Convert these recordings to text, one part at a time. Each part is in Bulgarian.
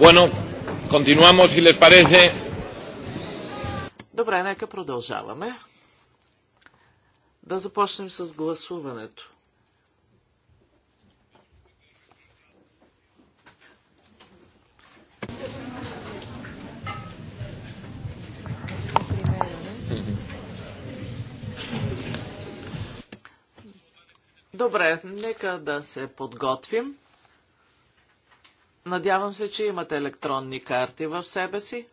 Bueno, continuamos, si les parece. Добре, нека продължаваме. Да започнем с гласуването. Добре, нека да се подготвим. Надявам се, че имате електронни карти в себе си.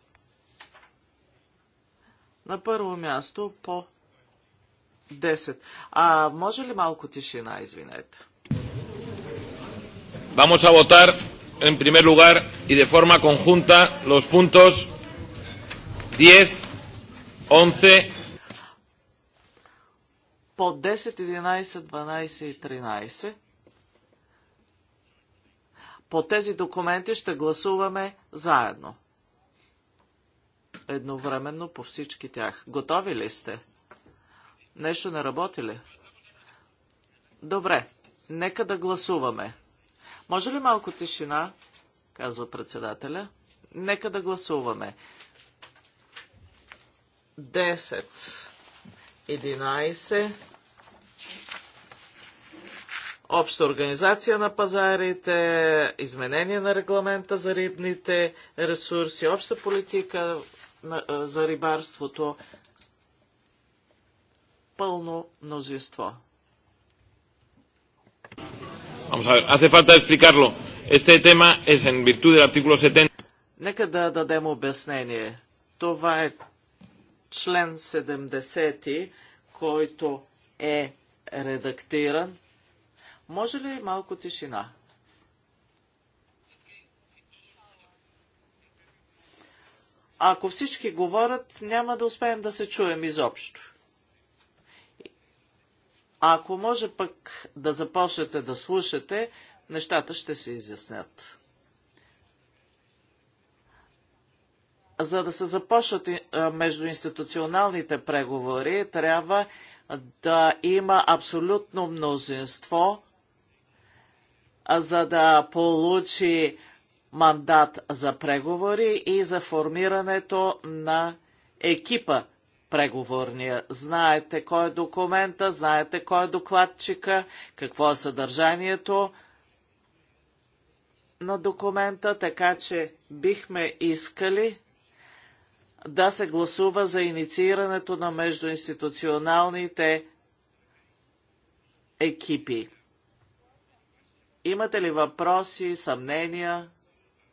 На първо място по 10. А може ли малко тишина, извинете? Vamos a votar en primer lugar y de forma conjunta los puntos 10, 11. По 10, 11, 12 и 13 по тези документи ще гласуваме заедно. Едновременно по всички тях. Готови ли сте? Нещо не работи ли? Добре, нека да гласуваме. Може ли малко тишина? Казва председателя. Нека да гласуваме. 10, 11, обща организация на пазарите, изменение на регламента за рибните ресурси, обща политика за рибарството, пълно мнозинство. Нека да дадем обяснение. Това е член 70, който е редактиран може ли малко тишина? Ако всички говорят, няма да успеем да се чуем изобщо. Ако може пък да започнете да слушате, нещата ще се изяснят. За да се започнат е, междуинституционалните преговори, трябва да има абсолютно мнозинство за да получи мандат за преговори и за формирането на екипа преговорния. Знаете кой е документа, знаете кой е докладчика, какво е съдържанието на документа, така че бихме искали да се гласува за инициирането на междуинституционалните екипи. Имате ли въпроси, съмнения?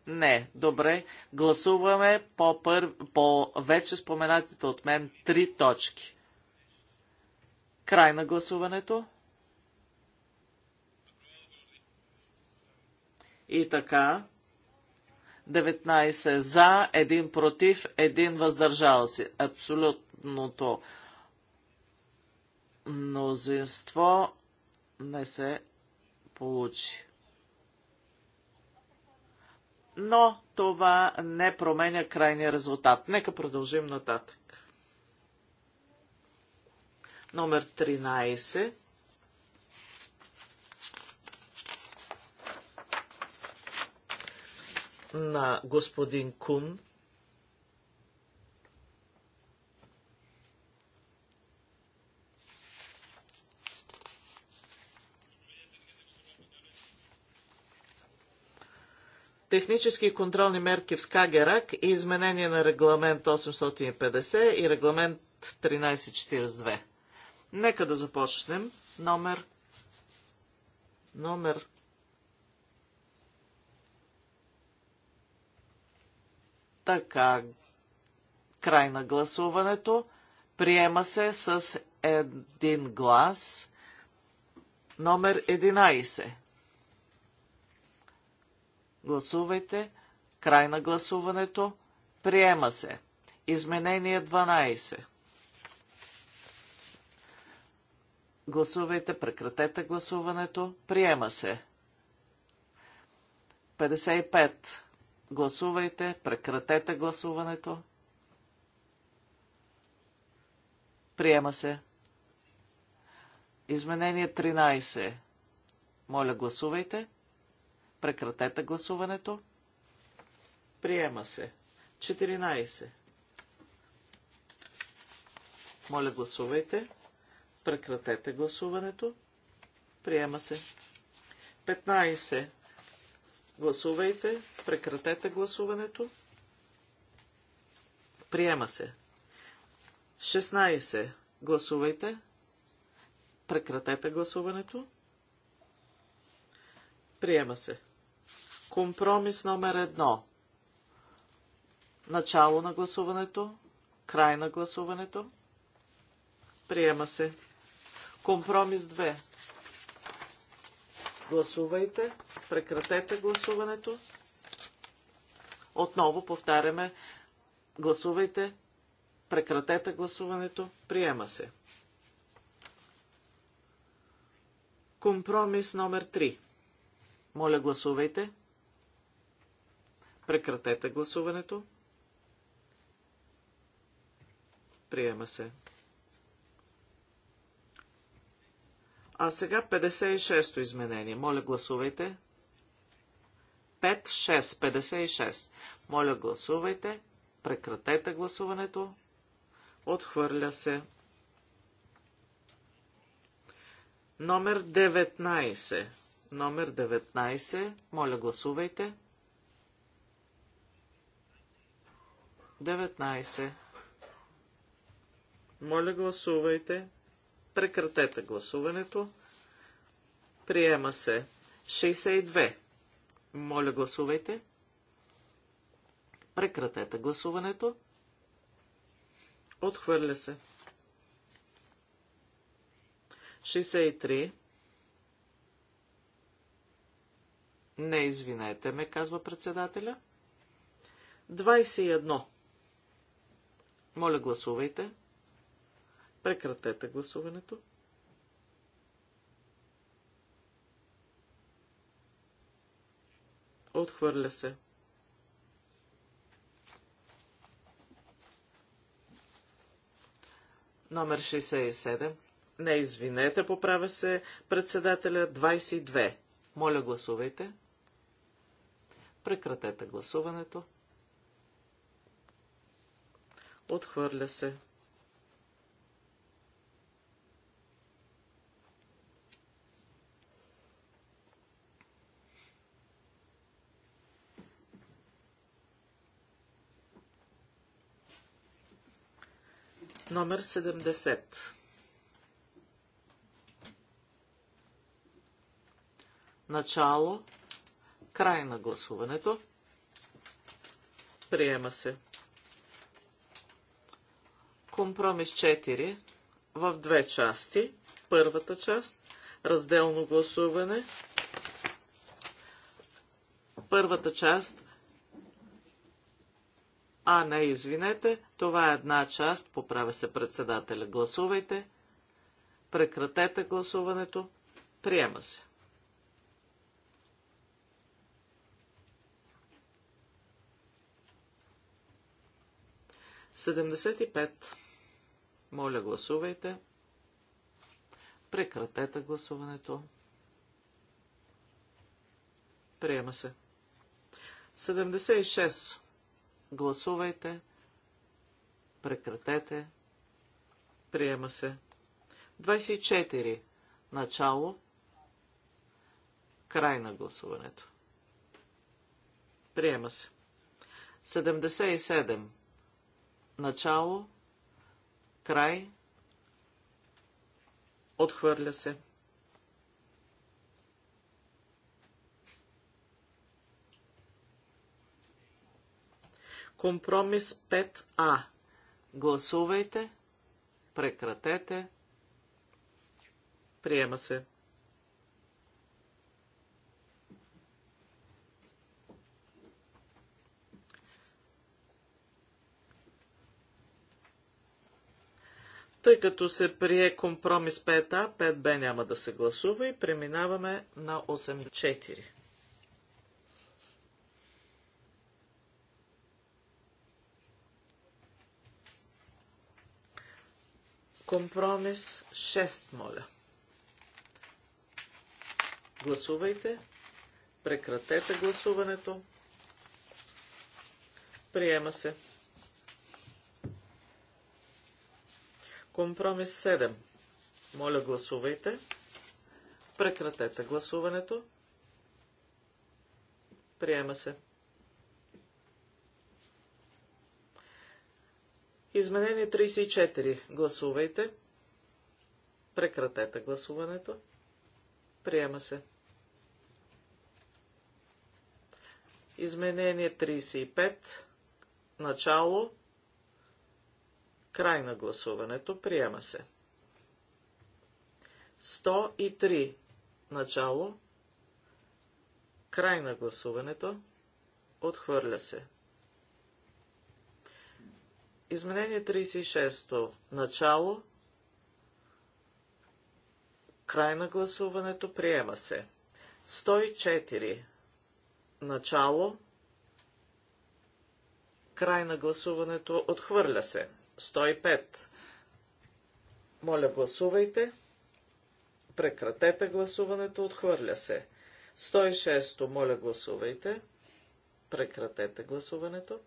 Не. Добре. Гласуваме по, пър... по вече споменатите от мен три точки. Край на гласуването. И така. 19 за, 1 против, 1 въздържал се. Абсолютното мнозинство не се получи. Но това не променя крайния резултат. Нека продължим нататък. Номер 13. на господин Кун – технически и контролни мерки в Скагерак и изменение на регламент 850 и регламент 1342. Нека да започнем. Номер номер така край на гласуването приема се с един глас номер 11. Гласувайте. Край на гласуването. Приема се. Изменение 12. Гласувайте, прекратете гласуването. Приема се. 55. Гласувайте, прекратете гласуването. Приема се. Изменение 13. Моля, гласувайте. Прекратете гласуването. Приема се. 14. Моля, гласувайте. Прекратете гласуването. Приема се. 15. Гласувайте. Прекратете гласуването. Приема се. 16. Гласувайте. Прекратете гласуването. Приема се. Компромис номер едно. Начало на гласуването. Край на гласуването. Приема се. Компромис 2. Гласувайте. Прекратете гласуването. Отново повтаряме. Гласувайте. Прекратете гласуването. Приема се. Компромис номер 3. Моля, гласувайте. Прекратете гласуването. Приема се. А сега 56-то изменение. Моля, гласувайте. 5-6, 56. Моля, гласувайте. Прекратете гласуването. Отхвърля се. Номер 19. Номер 19. Моля, гласувайте. 5-6. 19. Моля, гласувайте. Прекратете гласуването. Приема се. 62. Моля, гласувайте. Прекратете гласуването. Отхвърля се. 63. Не извинете ме, казва председателя. 21. Моля, гласувайте. Прекратете гласуването. Отхвърля се. Номер 67. Не, извинете, поправя се председателя 22. Моля, гласувайте. Прекратете гласуването. Отхвърля се. Номер 70. Начало. Край на гласуването. Приема се. Компромис 4 в две части. Първата част разделно гласуване. Първата част а, не, извинете, това е една част, поправя се председателя. Гласувайте. Прекратете гласуването. Приема се. Седемдесет и пет. Моля, гласувайте. Прекратете гласуването. Приема се. 76. Гласувайте. Прекратете. Приема се. 24. Начало. Край на гласуването. Приема се. 77. Начало. Край. Отхвърля се. Компромис 5А. Гласувайте. Прекратете. Приема се. Тъй като се прие компромис 5А, 5Б няма да се гласува и преминаваме на 8.4. Компромис 6, моля. Гласувайте. Прекратете гласуването. Приема се. Компромис 7. Моля, гласувайте. Прекратете гласуването. Приема се. Изменение 34. Гласувайте. Прекратете гласуването. Приема се. Изменение 35. Начало. Край на гласуването. Приема се. 103. Начало. Край на гласуването. Отхвърля се. Изменение 36. Начало. Край на гласуването. Приема се. 104. Начало. Край на гласуването. Отхвърля се. 105. Моля, гласувайте. Прекратете гласуването. Отхвърля се. 106. Моля, гласувайте. Прекратете гласуването.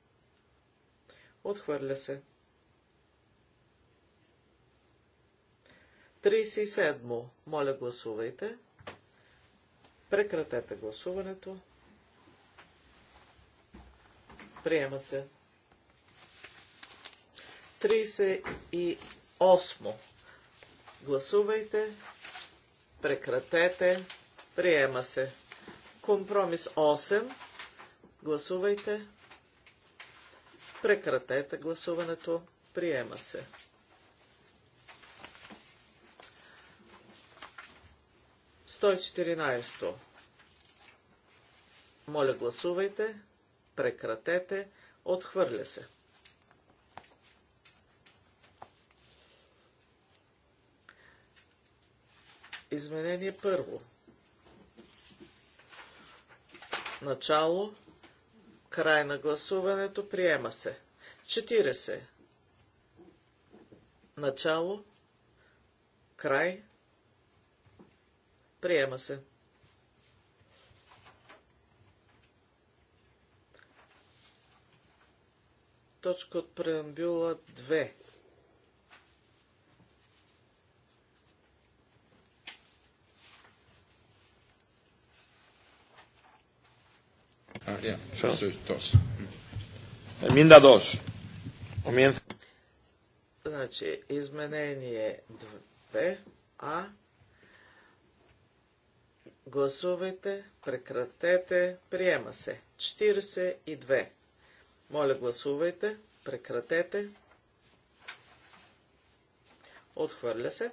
Отхвърля се. 37. Моля, гласувайте. Прекратете гласуването. Приема се. 38. Гласувайте. Прекратете. Приема се. Компромис 8. Гласувайте. Прекратете гласуването. Приема се. Сто Моля, гласувайте. Прекратете. Отхвърля се. Изменение първо. Начало. Край на гласуването. Приема се. 40. Начало. Край. Приема се. Точка от преамбюла 2. Ah, ya. Son dos. Enmienda Comienza. Значи, изменение 2А. Гласувайте, прекратете, приема се. 42. Моля, гласувайте, прекратете. Отхвърля се.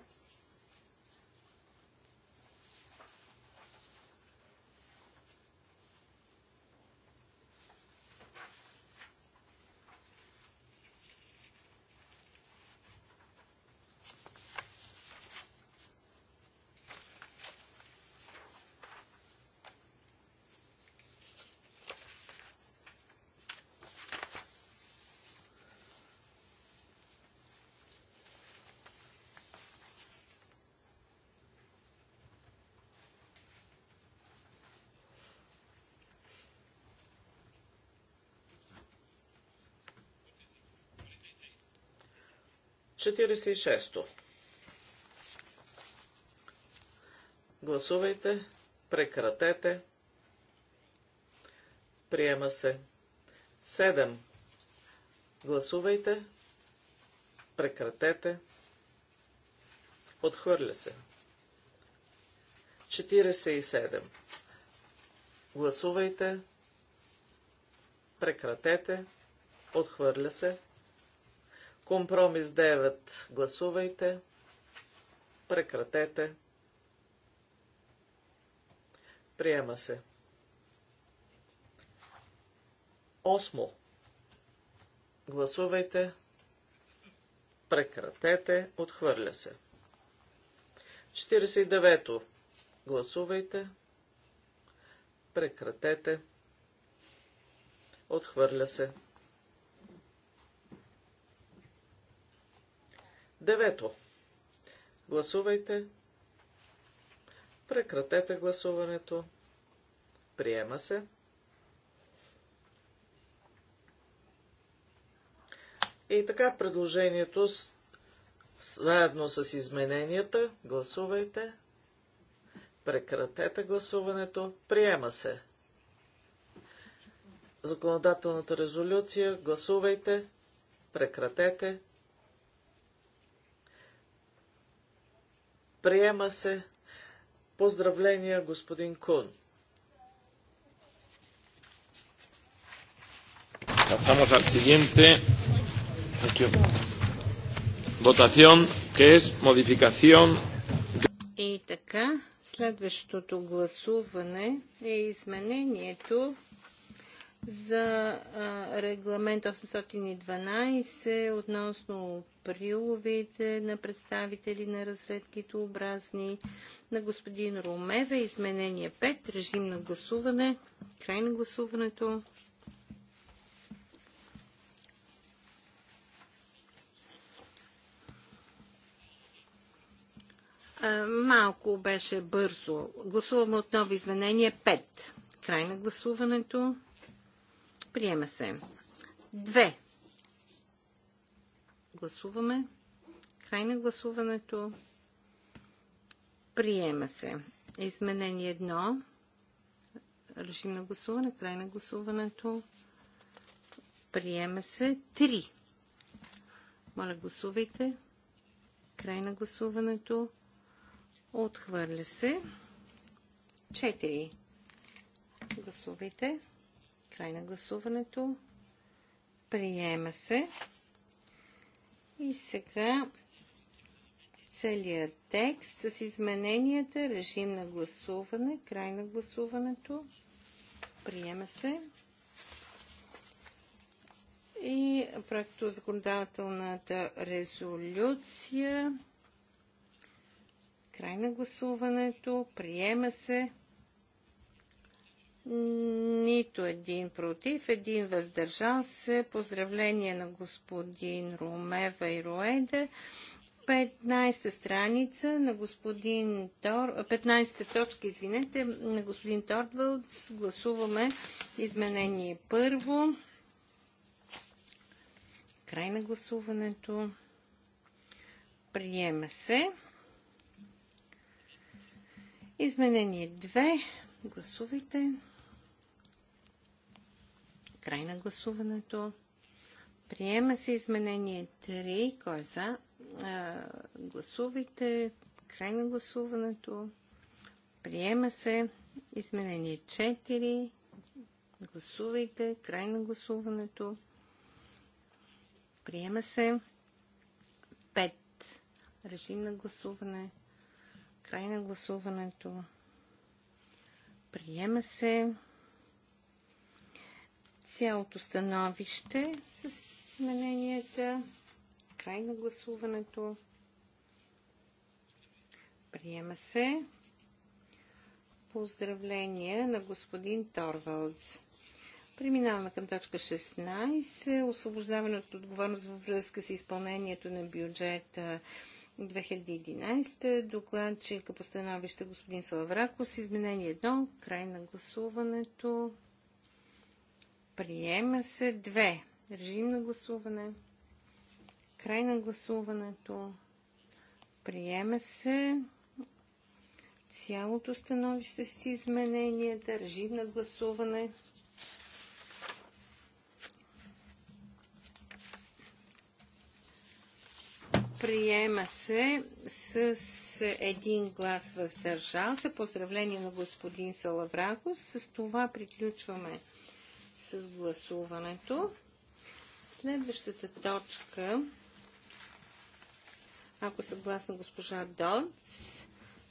46-то. Гласувайте, прекратете, приема се. 7. Гласувайте, прекратете, отхвърля се. 47. Гласувайте, прекратете, отхвърля се. Компромис 9. Гласувайте. Прекратете. Приема се. Осмо. Гласувайте. Прекратете. Отхвърля се. 49-то. Гласувайте. Прекратете. Отхвърля се. Девето. Гласувайте. Прекратете гласуването. Приема се. И така предложението с, заедно с измененията. Гласувайте. Прекратете гласуването. Приема се. Законодателната резолюция. Гласувайте. Прекратете. Приема се. Поздравления, господин Кун. Pasamos al siguiente. Votación, que es modificación. И така, следващото гласуване е изменението за регламент 812 относно приловите на представители на разредките образни на господин Ромеве. Изменение 5. Режим на гласуване. Край на гласуването. Малко беше бързо. Гласуваме отново изменение 5. Край на гласуването. Приема се. Две. Гласуваме. Край на гласуването. Приема се. Изменение 1. Режим на гласуване. Край на гласуването. Приема се. Три. Моля, гласувайте. Край на гласуването. Отхвърля се. Четири. Гласувайте. Край на гласуването. Приема се. И сега целият текст с измененията, режим на гласуване, край на гласуването, приема се. И проекто законодателната резолюция, край на гласуването, приема се нито един против, един въздържан се. Поздравление на господин Ромева и Роеде. 15-та страница на господин Тор... 15-та точка, извинете, на господин Тордвалдс. Гласуваме изменение първо. Край на гласуването. Приема се. Изменение 2. Гласувайте. Край на гласуването. Приема се изменение 3. Кой е за? А, гласувайте. Край на гласуването. Приема се изменение 4. Гласувайте. Край на гласуването. Приема се 5. Режим на гласуване. Край на гласуването. Приема се цялото становище с измененията. Край на гласуването. Приема се. Поздравления на господин Торвалдс. Преминаваме към точка 16. Освобождаване от отговорност във връзка с изпълнението на бюджета 2011. Докладчика постановище господин Салавракос. Изменение 1. Край на гласуването. Приема се две. Режим на гласуване. Край на гласуването. Приема се цялото становище с измененията. Режим на гласуване. Приема се с един глас въздържал се. Поздравление на господин Салавраков. С това приключваме с гласуването. Следващата точка, ако съгласна госпожа Додс,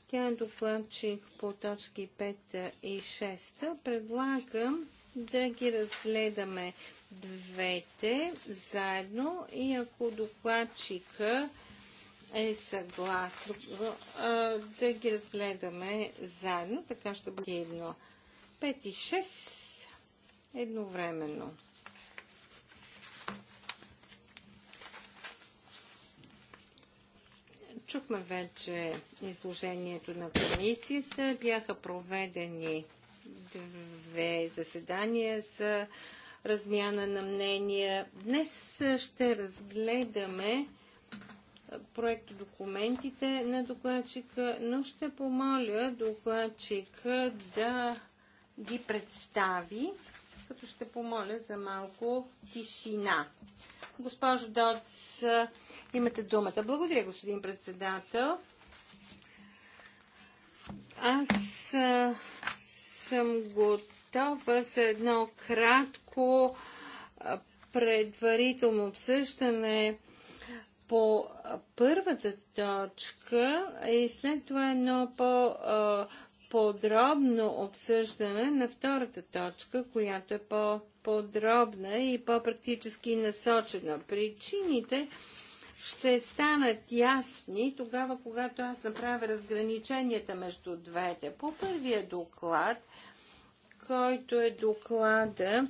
тя е докладчик по точки 5 и 6. Предлагам да ги разгледаме двете заедно и ако докладчика е съгласен да ги разгледаме заедно, така ще бъде едно. 5 и 6 едновременно. Чухме вече изложението на комисията. Бяха проведени две заседания за размяна на мнения. Днес ще разгледаме проект документите на докладчика, но ще помоля докладчика да ги представи като ще помоля за малко тишина. Госпожо Доц, имате думата. Благодаря, господин председател. Аз съм готова за едно кратко предварително обсъждане по първата точка и след това едно по- подробно обсъждане на втората точка, която е по-подробна и по-практически насочена. Причините ще станат ясни тогава, когато аз направя разграниченията между двете. По първия доклад, който е доклада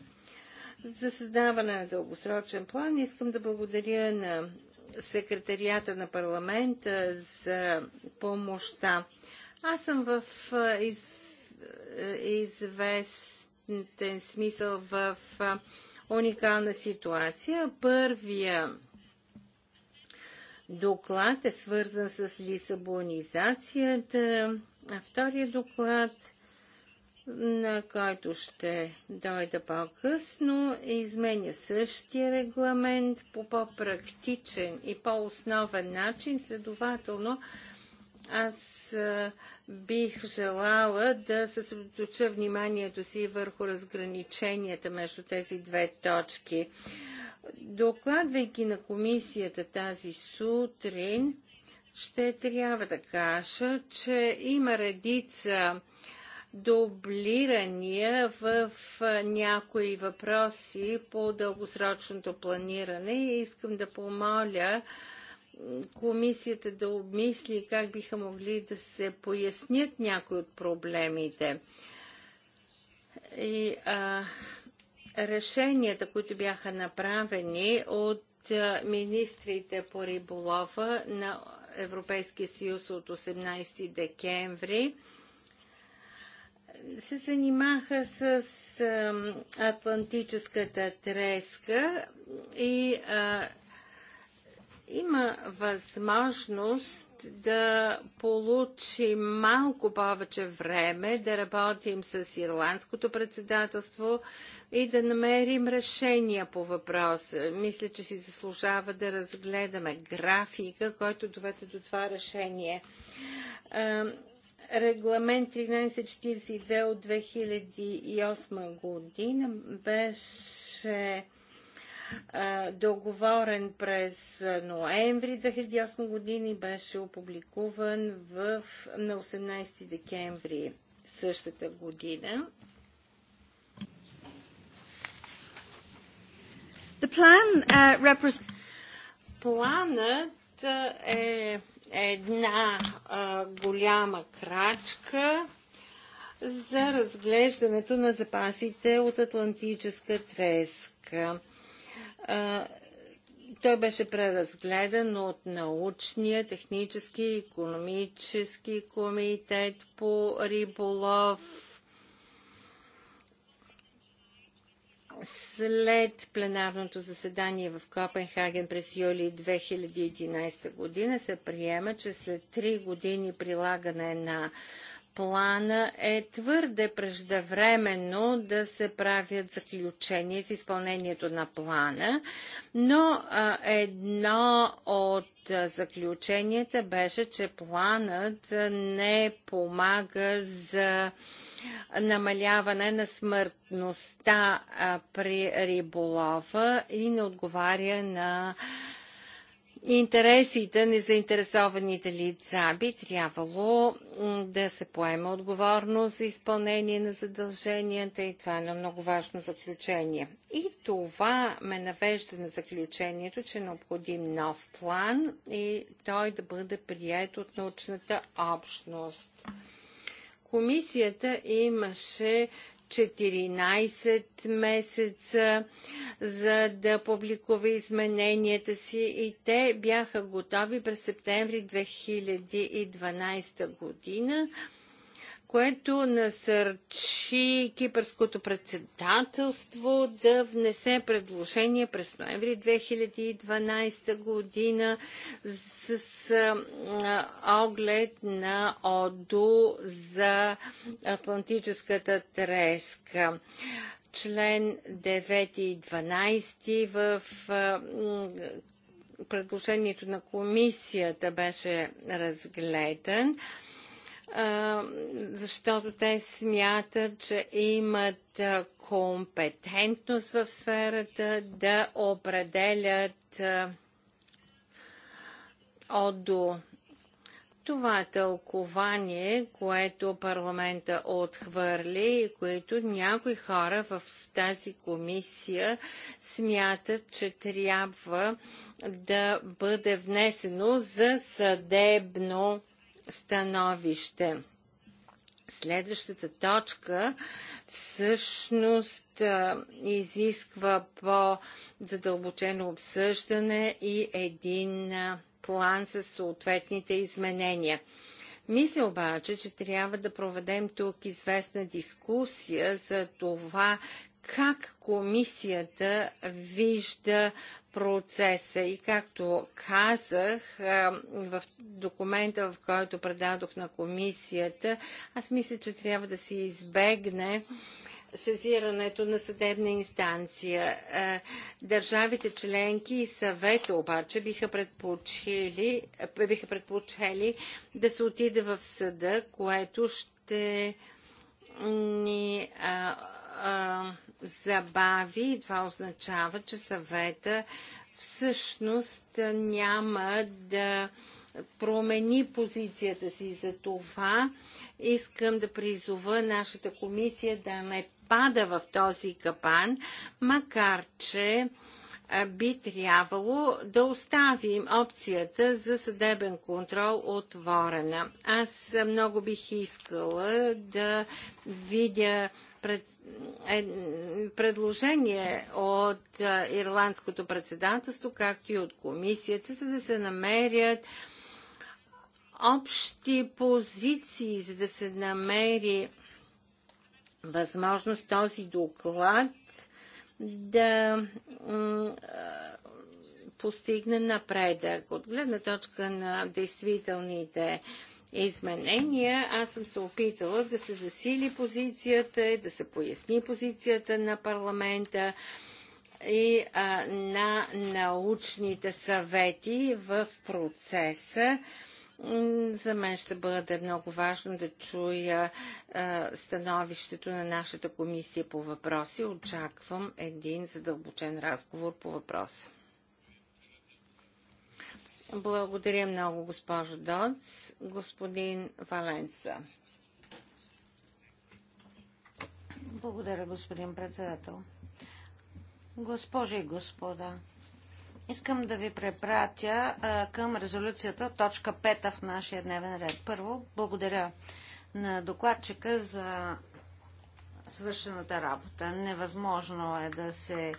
за създаване на дългосрочен план, искам да благодаря на секретарията на парламента за помощта. Аз съм в из, известен смисъл в уникална ситуация. Първия доклад е свързан с лисабонизацията, а втория доклад, на който ще дойда по-късно, изменя същия регламент по по-практичен и по-основен начин. Следователно, аз бих желала да съсредоточа вниманието си върху разграниченията между тези две точки. Докладвайки на комисията тази сутрин, ще трябва да кажа, че има редица дублирания в някои въпроси по дългосрочното планиране и искам да помоля комисията да обмисли как биха могли да се пояснят някои от проблемите. И а, решенията, които бяха направени от министрите по риболова на Европейския съюз от 18 декември, се занимаха с а, атлантическата треска и а, има възможност да получим малко повече време, да работим с ирландското председателство и да намерим решения по въпроса. Мисля, че си заслужава да разгледаме графика, който доведе до това решение. Регламент 1342 от 2008 година беше договорен през ноември 2008 година и беше опубликуван в, на 18 декември същата година. The plan, uh, Планът е една а, голяма крачка за разглеждането на запасите от Атлантическа треска той беше преразгледан от научния, технически и економически комитет по риболов. След пленарното заседание в Копенхаген през юли 2011 година се приема, че след 3 години прилагане на плана е твърде преждевременно да се правят заключения с изпълнението на плана, но едно от заключенията беше, че планът не помага за намаляване на смъртността при риболова и не отговаря на интересите на заинтересованите лица. Би трябвало да се поема отговорност за изпълнение на задълженията и това е едно много важно заключение. И това ме навежда на заключението, че е необходим нов план и той да бъде прият от научната общност. Комисията имаше 14 месеца, за да публикува измененията си и те бяха готови през септември 2012 година което насърчи кипърското председателство да внесе предложение през ноември 2012 година с, с оглед на ОДУ за Атлантическата треска член 9 и 12 в предложението на комисията беше разгледан защото те смятат, че имат компетентност в сферата да определят ОДО. Това тълкование, което парламента отхвърли и което някои хора в тази комисия смятат, че трябва да бъде внесено за съдебно становище. Следващата точка всъщност изисква по-задълбочено обсъждане и един план с съответните изменения. Мисля обаче, че трябва да проведем тук известна дискусия за това как комисията вижда процеса. И както казах в документа, в който предадох на комисията, аз мисля, че трябва да се избегне сезирането на съдебна инстанция. Държавите членки и съвета обаче биха предпочели, биха предпочели да се отиде в съда, което ще ни а, а, забави и това означава, че съвета всъщност няма да промени позицията си за това. Искам да призова нашата комисия да не пада в този капан, макар че би трябвало да оставим опцията за съдебен контрол отворена. Аз много бих искала да видя пред, е, предложение от е, Ирландското председателство, както и от комисията, за да се намерят общи позиции, за да се намери възможност този доклад да е, постигне напредък от гледна точка на действителните а, изменения, аз съм се опитала да се засили позицията, да се поясни позицията на парламента и а, на научните съвети в процеса. За мен ще бъде много важно да чуя а, становището на нашата комисия по въпроси. Очаквам един задълбочен разговор по въпроса. Благодаря много, госпожо Доц. Господин Валенса. Благодаря, господин председател. Госпожи и господа, искам да ви препратя а, към резолюцията, точка 5 в нашия дневен ред. Първо, благодаря на докладчика за свършената работа. Невъзможно е да се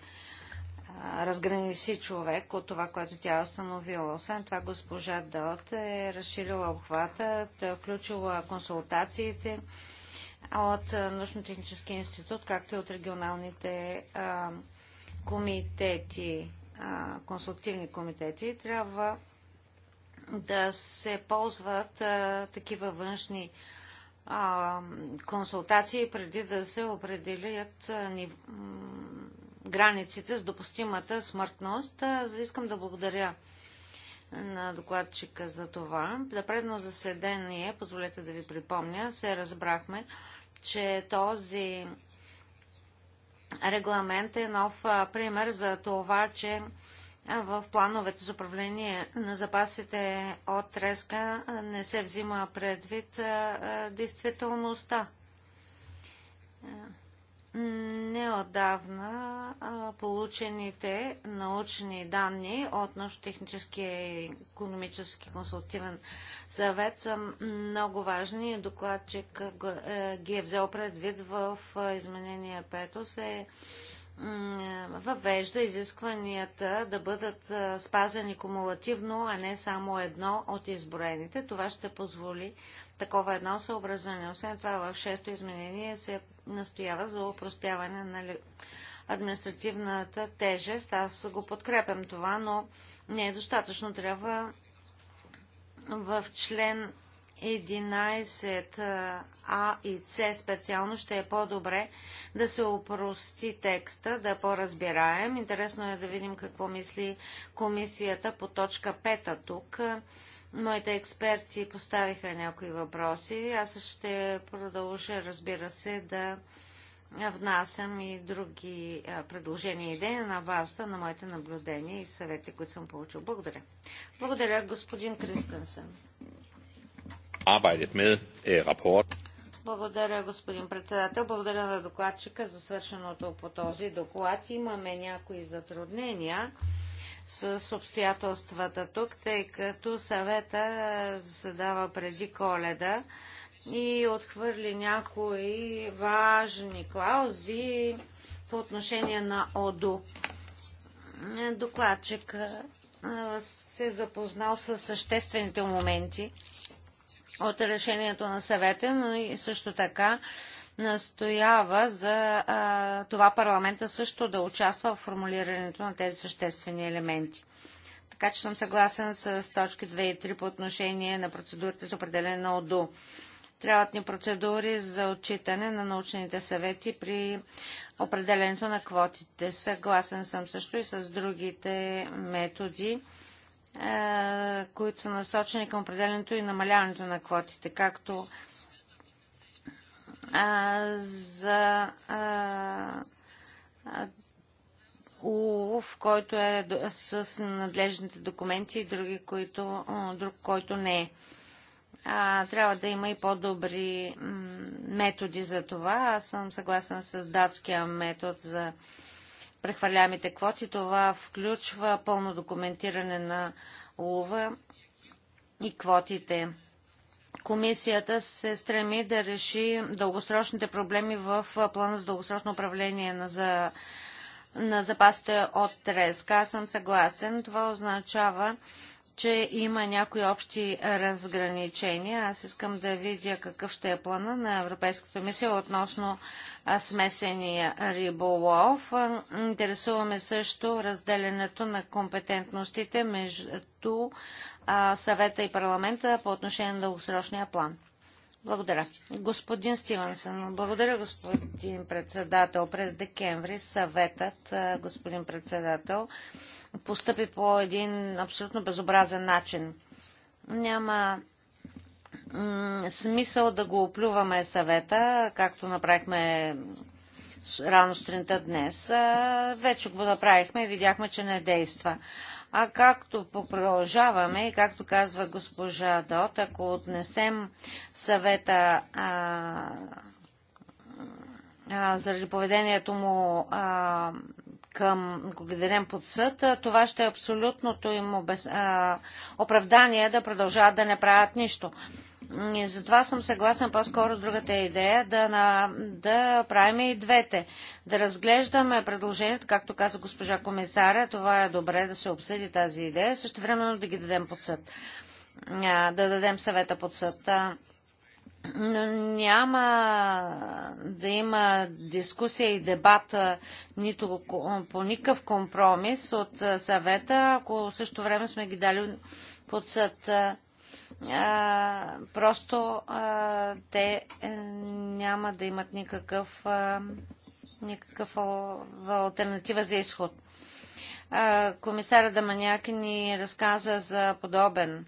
разграничи човек от това, което тя е установила. Освен това, госпожа Дот е разширила обхвата, е включила консултациите от Научно-технически институт, както и от регионалните а, комитети, а, консултивни комитети. Трябва да се ползват а, такива външни консултации преди да се определят границите с допустимата смъртност. Искам да благодаря на докладчика за това. За предно заседание, позволете да ви припомня, се разбрахме, че този регламент е нов пример за това, че в плановете за управление на запасите от треска не се взима предвид действителността неодавна получените научни данни от нашо технически и економически консултивен съвет са много важни. Докладчик е, ги е взел предвид в изменение 5 се въвежда изискванията да бъдат спазени кумулативно, а не само едно от изброените. Това ще позволи такова едно съобразение. Освен това, в шесто изменение се настоява за упростяване на административната тежест. Аз го подкрепям това, но не е достатъчно. Трябва в член 11а и С специално ще е по-добре да се опрости текста, да е по-разбираем. Интересно е да видим какво мисли комисията по точка 5 тук. Моите експерти поставиха някои въпроси. Аз ще продължа, разбира се, да внасям и други предложения и идеи на базата на моите наблюдения и съвети, които съм получил. Благодаря. Благодаря, господин Кристенсен med øh, rapporten. Благодаря, господин председател. Благодаря на докладчика за свършеното по този доклад. Имаме някои затруднения с обстоятелствата тук, тъй като съвета заседава преди коледа и отхвърли някои важни клаузи по отношение на ОДО. Докладчик се е запознал с съществените моменти от решението на съвета, но и също така настоява за а, това парламента също да участва в формулирането на тези съществени елементи. Така че съм съгласен с точки 2 и 3 по отношение на процедурите за определение на ОДУ. Трябват ни процедури за отчитане на научните съвети при определенето на квотите. Съгласен съм също и с другите методи е, които са насочени към определенето и намаляването на квотите, както е, за е, улов, който е с надлежните документи и други, които, друг, който не е. А, трябва да има и по-добри методи за това. Аз съм съгласен с датския метод за Прехвърлямите квоти. Това включва пълно документиране на улова и квотите. Комисията се стреми да реши дългосрочните проблеми в плана за дългосрочно управление на, за, на запасите от треска. Аз съм съгласен. Това означава че има някои общи разграничения. Аз искам да видя какъв ще е плана на Европейската мисия относно смесения риболов. Интересуваме също разделянето на компетентностите между съвета и парламента по отношение на дългосрочния план. Благодаря. Господин Стивенсън, благодаря господин председател. През декември съветът, господин председател, постъпи по един абсолютно безобразен начин. Няма смисъл да го оплюваме съвета, както направихме рано сутринта днес. Вече го направихме и видяхме, че не действа. А както продължаваме и както казва госпожа Дот, ако отнесем съвета а, а, заради поведението му а, към Гогедерен под съд, това ще е абсолютното им обез... а, оправдание да продължават да не правят нищо. И затова съм съгласен по-скоро с другата идея да, на, да правим и двете. Да разглеждаме предложението, както каза госпожа комисаря, това е добре да се обсъди тази идея, също времено да ги дадем под съд. А, да дадем съвета под съд няма да има дискусия и дебата нито по никакъв компромис от съвета, ако също време сме ги дали под съд. просто те е, няма да имат никакъв, никакъв альтернатива за изход. комисара Даманяки ни разказа за подобен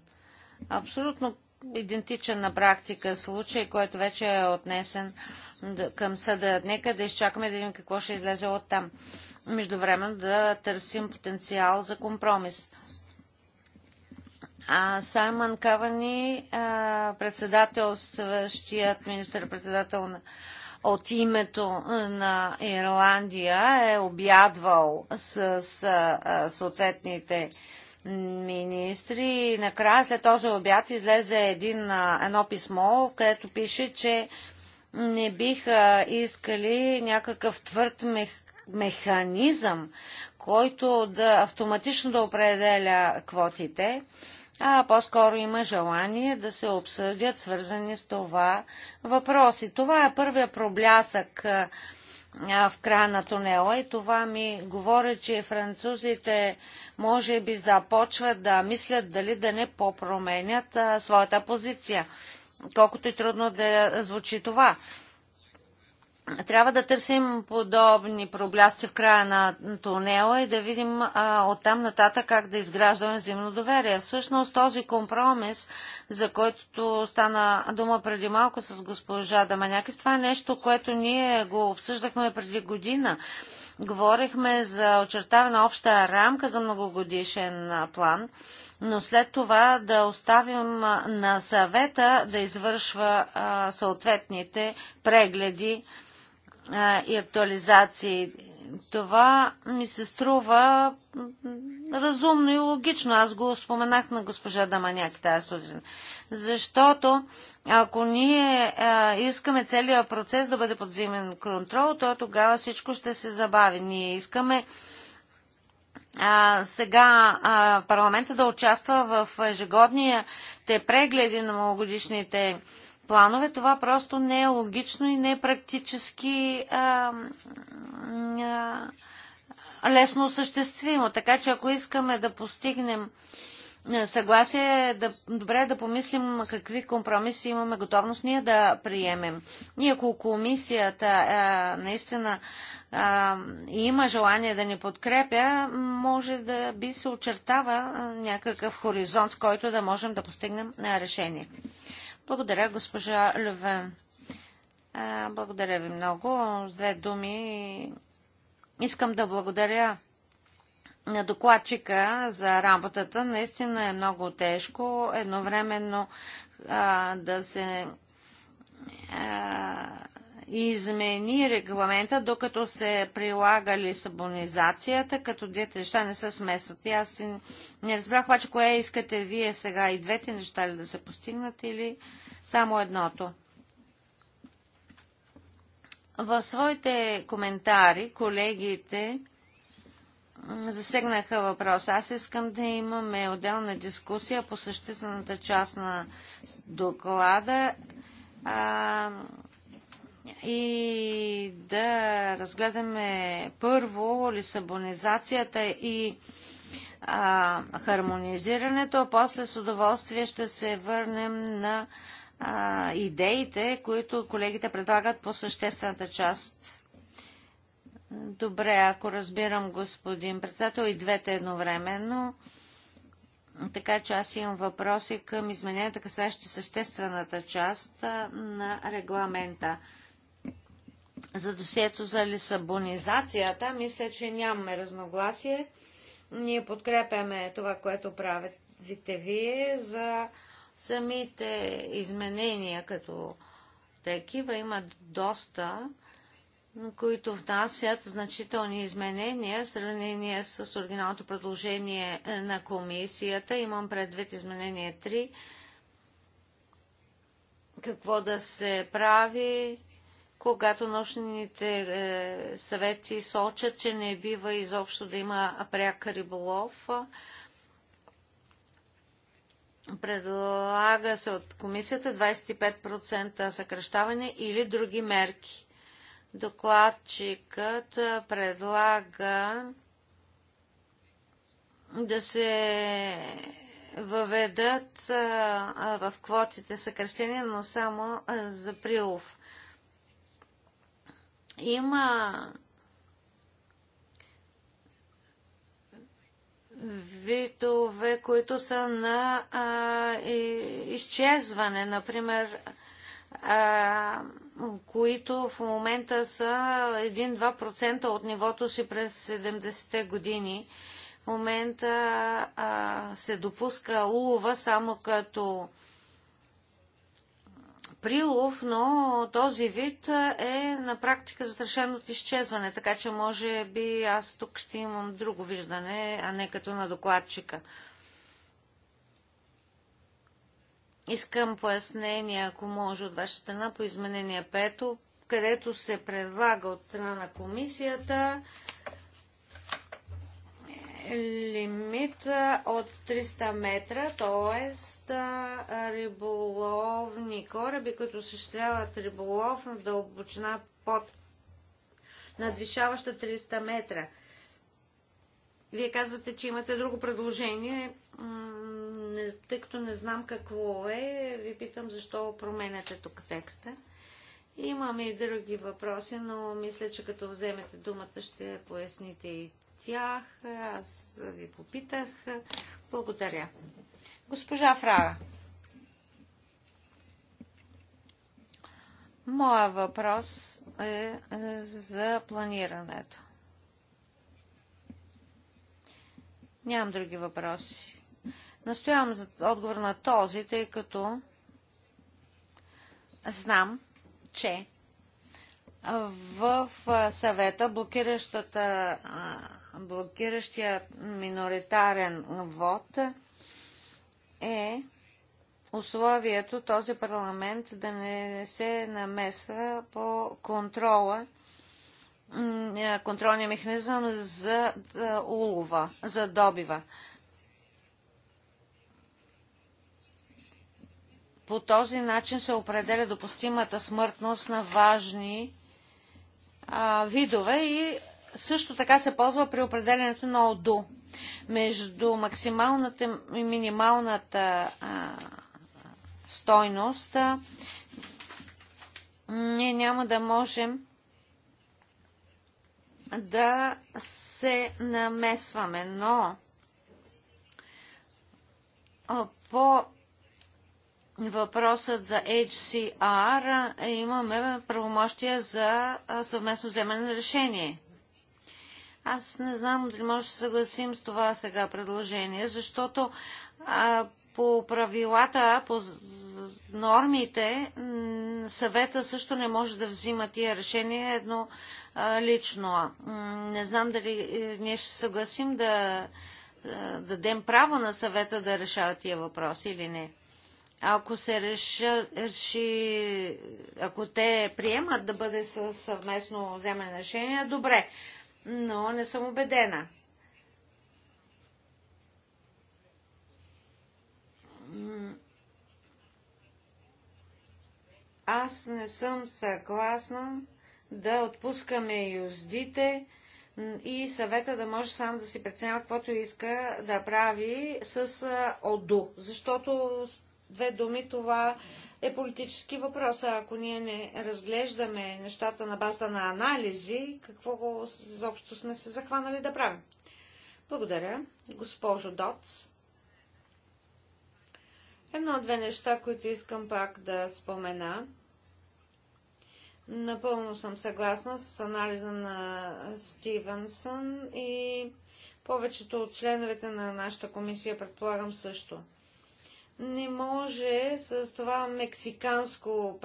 абсолютно идентичен на практика случай, който вече е отнесен към съда. Нека да изчакаме да видим какво ще излезе от там. Междувременно да търсим потенциал за компромис. А Саймън Кавани, председателстващият министър-председател от името на Ирландия, е обядвал с съответните министри. Накрая след този обяд излезе един, едно писмо, където пише, че не биха искали някакъв твърд мех, механизъм, който да автоматично да определя квотите, а по-скоро има желание да се обсъдят свързани с това въпроси. Това е първия проблясък в края на тунела и това ми говори, че французите може би започват да мислят дали да не попроменят а, своята позиция. Колкото и трудно да звучи това. Трябва да търсим подобни проблясти в края на тунела и да видим а, оттам нататък как да изграждаме взаимно доверие. Всъщност този компромис, за който стана дума преди малко с госпожа Даманякис, това е нещо, което ние го обсъждахме преди година говорихме за очертаване обща рамка за многогодишен план, но след това да оставим на съвета да извършва съответните прегледи и актуализации. Това ми се струва разумно и логично. Аз го споменах на госпожа Даманяк тази сутрин защото ако ние а, искаме целият процес да бъде под взаимен контрол, то тогава всичко ще се забави. Ние искаме а, сега а, парламента да участва в ежегодните прегледи на многогодишните планове. Това просто не е логично и не е практически а, а, лесно осъществимо. Така че ако искаме да постигнем е, съгласие е да, добре е да помислим какви компромиси имаме готовност ние да приемем. Ние, ако комисията а, е, наистина а, има желание да ни подкрепя, може да би се очертава някакъв хоризонт, който да можем да постигнем решение. Благодаря, госпожа Левен. Благодаря ви много. С две думи искам да благодаря на докладчика за работата. Наистина е много тежко едновременно а, да се а, измени регламента, докато се прилага лисабонизацията, като двете неща не се смесват. И аз не разбрах обаче кое искате вие сега и двете неща ли да се постигнат или само едното. В своите коментари колегите засегнаха въпроса. Аз искам да имаме отделна дискусия по съществената част на доклада а, и да разгледаме първо лисабонизацията и а, хармонизирането, а после с удоволствие ще се върнем на а, идеите, които колегите предлагат по съществената част Добре, ако разбирам господин председател, и двете едновременно. Така че аз имам въпроси към измененията, касащи съществената част на регламента. За досието за лисабонизацията, мисля, че нямаме разногласие. Ние подкрепяме това, което правите вие за самите изменения като такива. Има доста които внасят значителни изменения в сравнение с оригиналното предложение е, на комисията. Имам предвид изменение 3. Какво да се прави, когато научните е, съвети сочат, че не бива изобщо да има пряк риболов. Предлага се от комисията 25% съкръщаване или други мерки Докладчикът предлага да се въведат в квотите съкрещения, но само за прилов. Има видове, които са на а, и, изчезване. Например, а, които в момента са 1-2% от нивото си през 70-те години. В момента а, се допуска улова само като прилов, но този вид е на практика застрашен от изчезване, така че може би аз тук ще имам друго виждане, а не като на докладчика. Искам пояснение, ако може, от ваша страна по изменение 5, където се предлага от страна на комисията лимит от 300 метра, т.е. риболовни кораби, които осъществяват риболов на дълбочина под надвишаваща 300 метра. Вие казвате, че имате друго предложение не, тъй като не знам какво е, ви питам защо променяте тук текста. Имам и други въпроси, но мисля, че като вземете думата ще поясните и тях. Аз ви попитах. Благодаря. Госпожа Фрага. Моя въпрос е, е за планирането. Нямам други въпроси. Настоявам за отговор на този, тъй като знам, че в съвета блокиращата, блокиращият миноритарен вод е условието този парламент да не се намесва по контрола контролния механизъм за улова, за добива. По този начин се определя допустимата смъртност на важни а, видове и също така се ползва при определенето на ОДУ. Между максималната и минималната а, стойност а, ние няма да можем да се намесваме, но по въпросът за HCR е, имаме правомощия за съвместно вземане на решение. Аз не знам дали може да се съгласим с това сега предложение, защото а, по правилата, по нормите, съвета също не може да взима тия решения едно а, лично. Не знам дали е, ние ще съгласим да, да е, дадем право на съвета да решава тия въпроси или не ако се реши, ако те приемат да бъде съвместно вземане на решение, добре. Но не съм убедена. Аз не съм съгласна да отпускаме юздите и съвета да може сам да си преценява каквото иска да прави с ОДУ, защото две думи, това е политически въпрос. ако ние не разглеждаме нещата на база на анализи, какво заобщо сме се захванали да правим? Благодаря, госпожо Доц. Едно-две неща, които искам пак да спомена. Напълно съм съгласна с анализа на Стивенсън и повечето от членовете на нашата комисия предполагам също не може с това мексиканско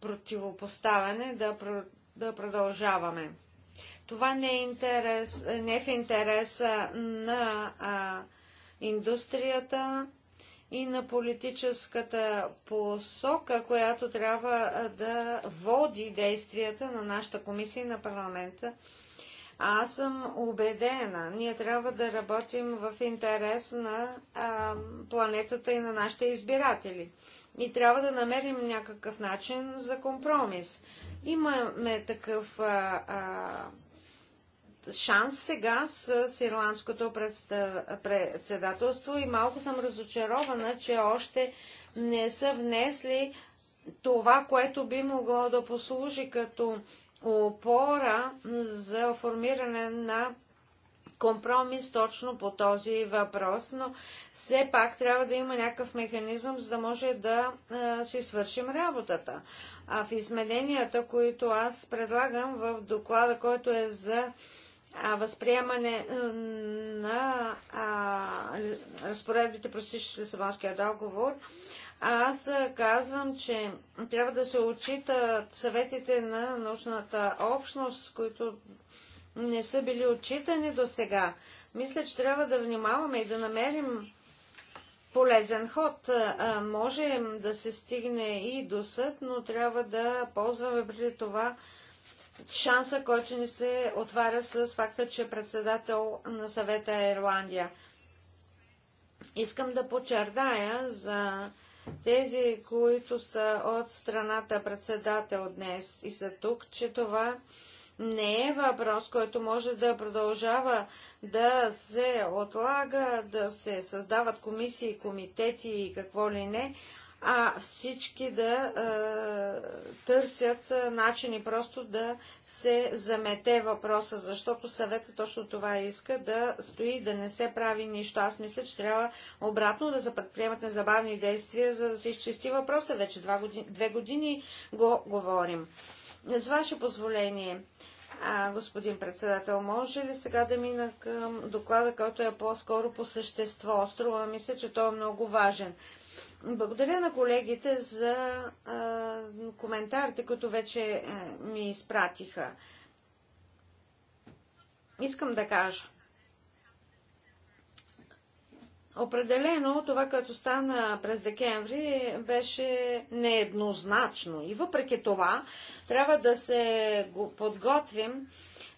противопоставяне да, да продължаваме. Това не е, интерес, не е в интереса на а, индустрията и на политическата посока, която трябва да води действията на нашата комисия и на парламента аз съм убедена, ние трябва да работим в интерес на а, планетата и на нашите избиратели. И трябва да намерим някакъв начин за компромис. Имаме такъв а, а, шанс сега с ирландското председателство и малко съм разочарована, че още не са внесли това, което би могло да послужи като опора за формиране на компромис точно по този въпрос, но все пак трябва да има някакъв механизъм, за да може да си свършим работата. А в измененията, които аз предлагам в доклада, който е за възприемане на а, разпоредбите, просичащи Лисабонския договор, аз казвам, че трябва да се отчитат съветите на научната общност, които не са били отчитани до сега. Мисля, че трябва да внимаваме и да намерим полезен ход. А, може да се стигне и до съд, но трябва да ползваме преди това шанса, който ни се отваря с факта, че е председател на съвета е Ирландия. Искам да подчертая за тези, които са от страната председател днес и са тук, че това не е въпрос, който може да продължава да се отлага, да се създават комисии, комитети и какво ли не а всички да а, търсят начини просто да се замете въпроса, защото съвета точно това иска да стои, да не се прави нищо. Аз мисля, че трябва обратно да се предприемат незабавни действия, за да се изчисти въпроса. Вече два години, две години го говорим. С ваше позволение, а, господин председател, може ли сега да мина към доклада, който е по-скоро по същество? Струва ми се, че той е много важен. Благодаря на колегите за а, коментарите, които вече а, е, ми изпратиха. Искам да кажа. Определено това, което стана през декември, беше нееднозначно. И въпреки това, трябва да се го подготвим,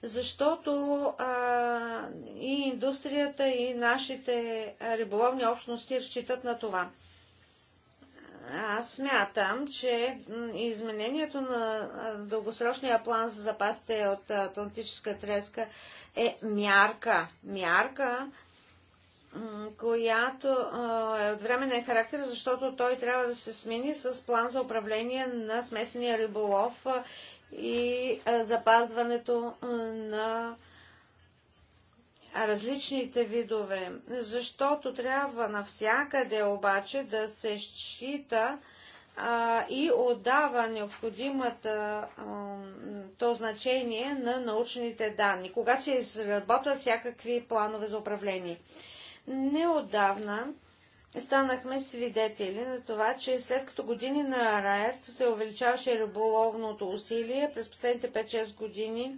защото а, и индустрията, и нашите риболовни общности разчитат на това. Аз смятам, че изменението на дългосрочния план за запасите от Атлантическа треска е мярка. Мярка, която е от временен характер, защото той трябва да се смени с план за управление на смесения риболов и запазването на различните видове, защото трябва навсякъде обаче да се счита а, и отдава необходимата а, то значение на научните данни, когато се изработват всякакви планове за управление. Неодавна станахме свидетели на това, че след като години на раят се увеличаваше риболовното усилие, през последните 5-6 години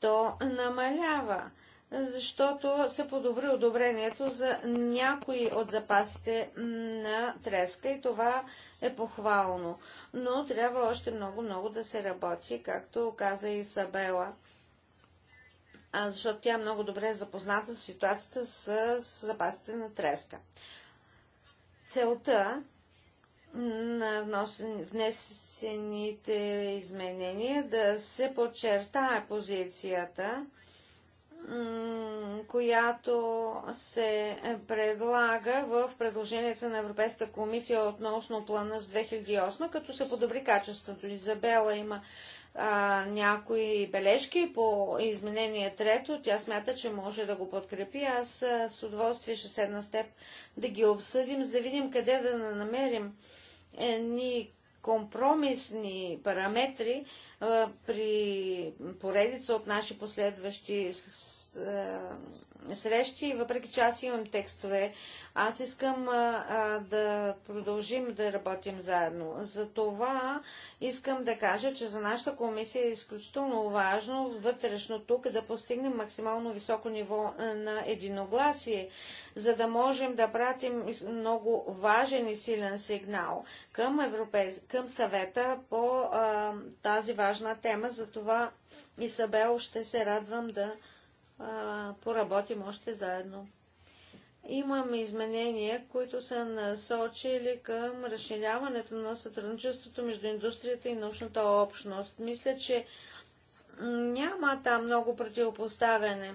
то намалява защото се подобри одобрението за някои от запасите на треска и това е похвално. Но трябва още много-много да се работи, както каза Исабела. защото тя е много добре е запозната с ситуацията с запасите на треска. Целта на внесените изменения е да се подчертае позицията която се предлага в предложението на Европейската комисия относно плана с 2008, като се подобри качеството. Изабела има а, някои бележки по изменение трето. Тя смята, че може да го подкрепи. Аз а, с удоволствие ще седна с теб да ги обсъдим, за да видим къде да намерим едни компромисни параметри, при поредица от наши последващи срещи, въпреки че аз имам текстове, аз искам да продължим да работим заедно. За това искам да кажа, че за нашата комисия е изключително важно вътрешно тук да постигнем максимално високо ниво на единогласие, за да можем да пратим много важен и силен сигнал към, Европейс... към съвета по а, тази важна важна тема, затова Исабел ще се радвам да а, поработим още заедно. Имам изменения, които са насочили към разширяването на сътрудничеството между индустрията и научната общност. Мисля, че няма там много противопоставяне,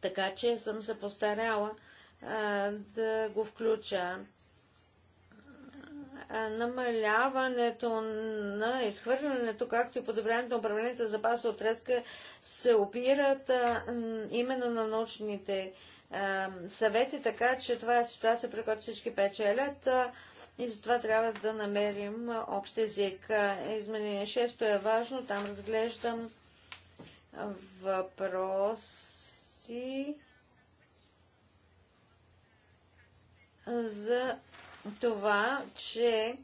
така че съм се постаряла а, да го включа намаляването на изхвърлянето, както и подобряването на управлението запаса от резка, се опират а, именно на научните а, съвети, така че това е ситуация, при която всички печелят а, и затова трябва да намерим общ език. Изменение 6 е важно, там разглеждам въпроси за това, че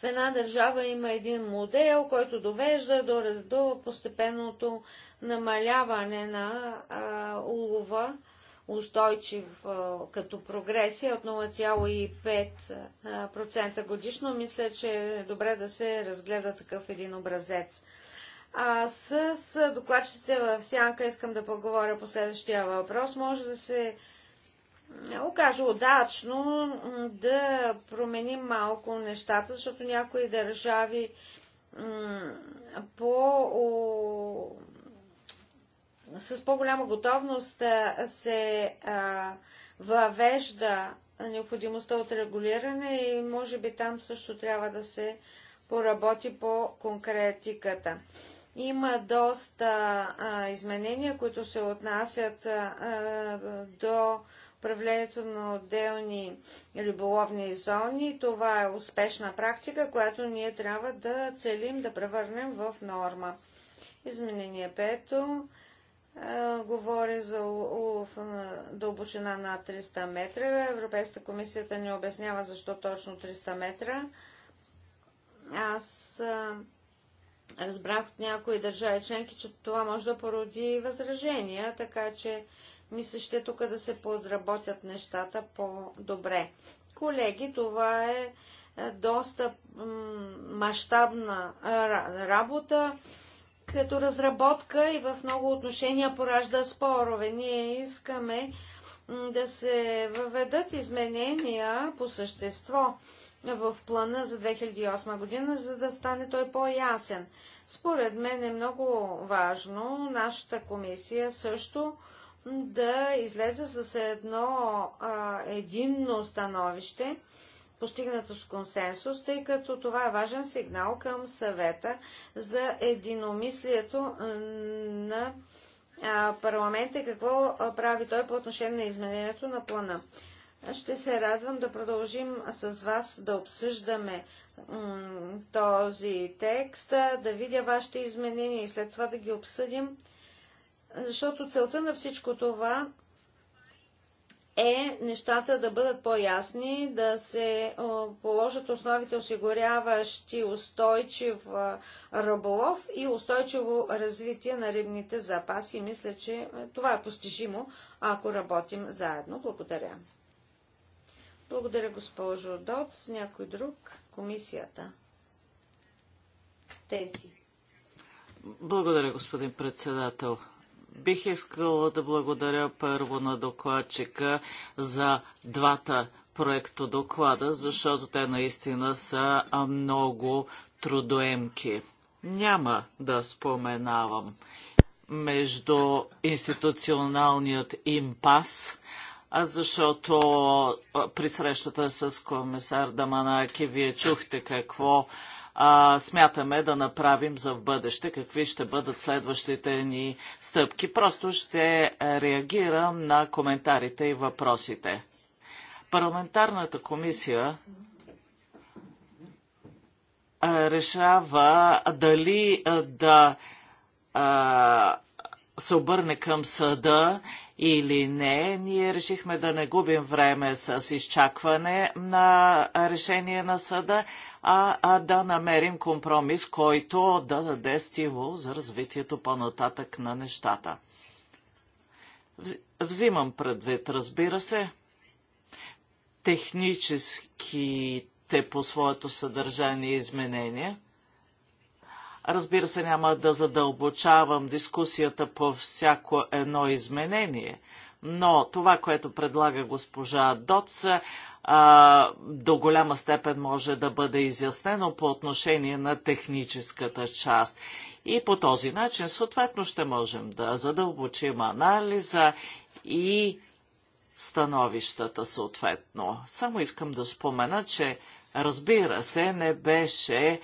в една държава има един модел, който довежда до, до постепенното намаляване на а, улова устойчив а, като прогресия от 0,5% годишно. Мисля, че е добре да се разгледа такъв един образец. А с докладчите в сянка искам да поговоря по следващия въпрос. Може да се окаже удачно да променим малко нещата, защото някои държави по с по-голяма готовност се а, въвежда необходимостта от регулиране и може би там също трябва да се поработи по конкретиката. Има доста а, изменения, които се отнасят а, до управлението на отделни риболовни зони. Това е успешна практика, която ние трябва да целим да превърнем в норма. Изменение пето е, говори за улов на дълбочина на 300 метра. Европейската комисията ни обяснява защо точно 300 метра. Аз е, разбрах от някои държави членки, че това може да породи възражения, така че ми се ще тук да се подработят нещата по-добре. Колеги, това е, е доста мащабна работа като разработка и в много отношения поражда спорове. Ние искаме да се въведат изменения по същество в плана за 2008 година, за да стане той по-ясен. Според мен е много важно нашата комисия също да излезе с едно а, единно становище, постигнато с консенсус, тъй като това е важен сигнал към съвета за единомислието на парламента и какво прави той по отношение на изменението на плана. Ще се радвам да продължим с вас да обсъждаме този текст, да видя вашите изменения и след това да ги обсъдим защото целта на всичко това е нещата да бъдат по-ясни, да се положат основите осигуряващи устойчив рыболов и устойчиво развитие на рибните запаси. Мисля, че това е постижимо, ако работим заедно. Благодаря. Благодаря, госпожо Доц. Някой друг? Комисията. Тези. Благодаря, господин председател. Бих искала да благодаря първо на докладчика за двата проекто доклада, защото те наистина са много трудоемки. Няма да споменавам между институционалният импас, а защото при срещата с комисар Даманаки вие чухте какво а, смятаме да направим за в бъдеще, какви ще бъдат следващите ни стъпки. Просто ще е, реагирам на коментарите и въпросите. Парламентарната комисия е, решава дали е, да а, се обърне към съда или не, ние решихме да не губим време с изчакване на решение на съда, а, а да намерим компромис, който да даде стимул за развитието по-нататък на нещата. Взимам предвид, разбира се, техническите по своето съдържание изменения – Разбира се, няма да задълбочавам дискусията по всяко едно изменение, но това, което предлага госпожа Доца, до голяма степен може да бъде изяснено по отношение на техническата част. И по този начин, съответно, ще можем да задълбочим анализа и становищата съответно. Само искам да спомена, че разбира се, не беше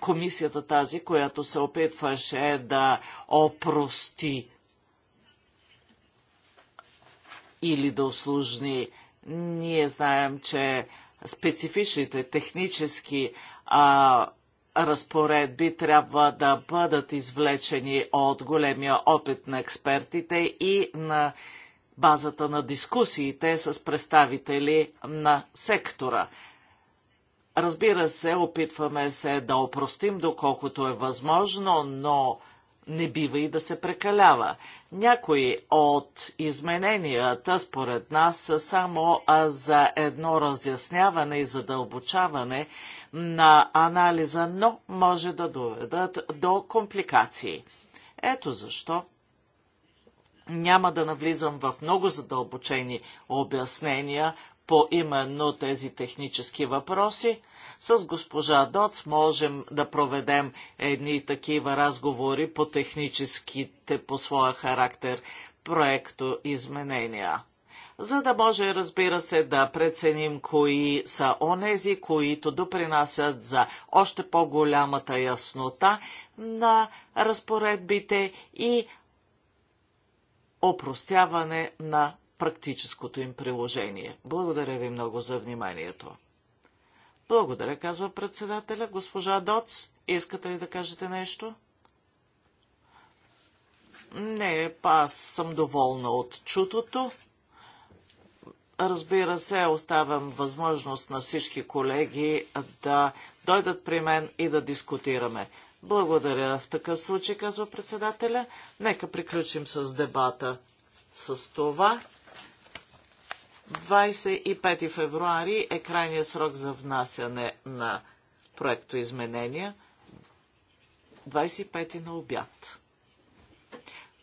комисията тази, която се опитваше да опрости или да услужни. Ние знаем, че специфичните технически а, разпоредби трябва да бъдат извлечени от големия опит на експертите и на базата на дискусиите с представители на сектора. Разбира се, опитваме се да опростим доколкото е възможно, но не бива и да се прекалява. Някои от измененията, според нас, са само за едно разясняване и задълбочаване на анализа, но може да доведат до компликации. Ето защо няма да навлизам в много задълбочени обяснения по именно тези технически въпроси. С госпожа Доц можем да проведем едни такива разговори по техническите по своя характер проекто изменения. За да може, разбира се, да преценим кои са онези, които допринасят за още по-голямата яснота на разпоредбите и опростяване на практическото им приложение. Благодаря ви много за вниманието. Благодаря, казва председателя. Госпожа Доц, искате ли да кажете нещо? Не, аз съм доволна от чутото. Разбира се, оставям възможност на всички колеги да дойдат при мен и да дискутираме. Благодаря. В такъв случай, казва председателя, нека приключим с дебата. С това 25 февруари е крайният срок за внасяне на проекто изменения. 25 на обяд.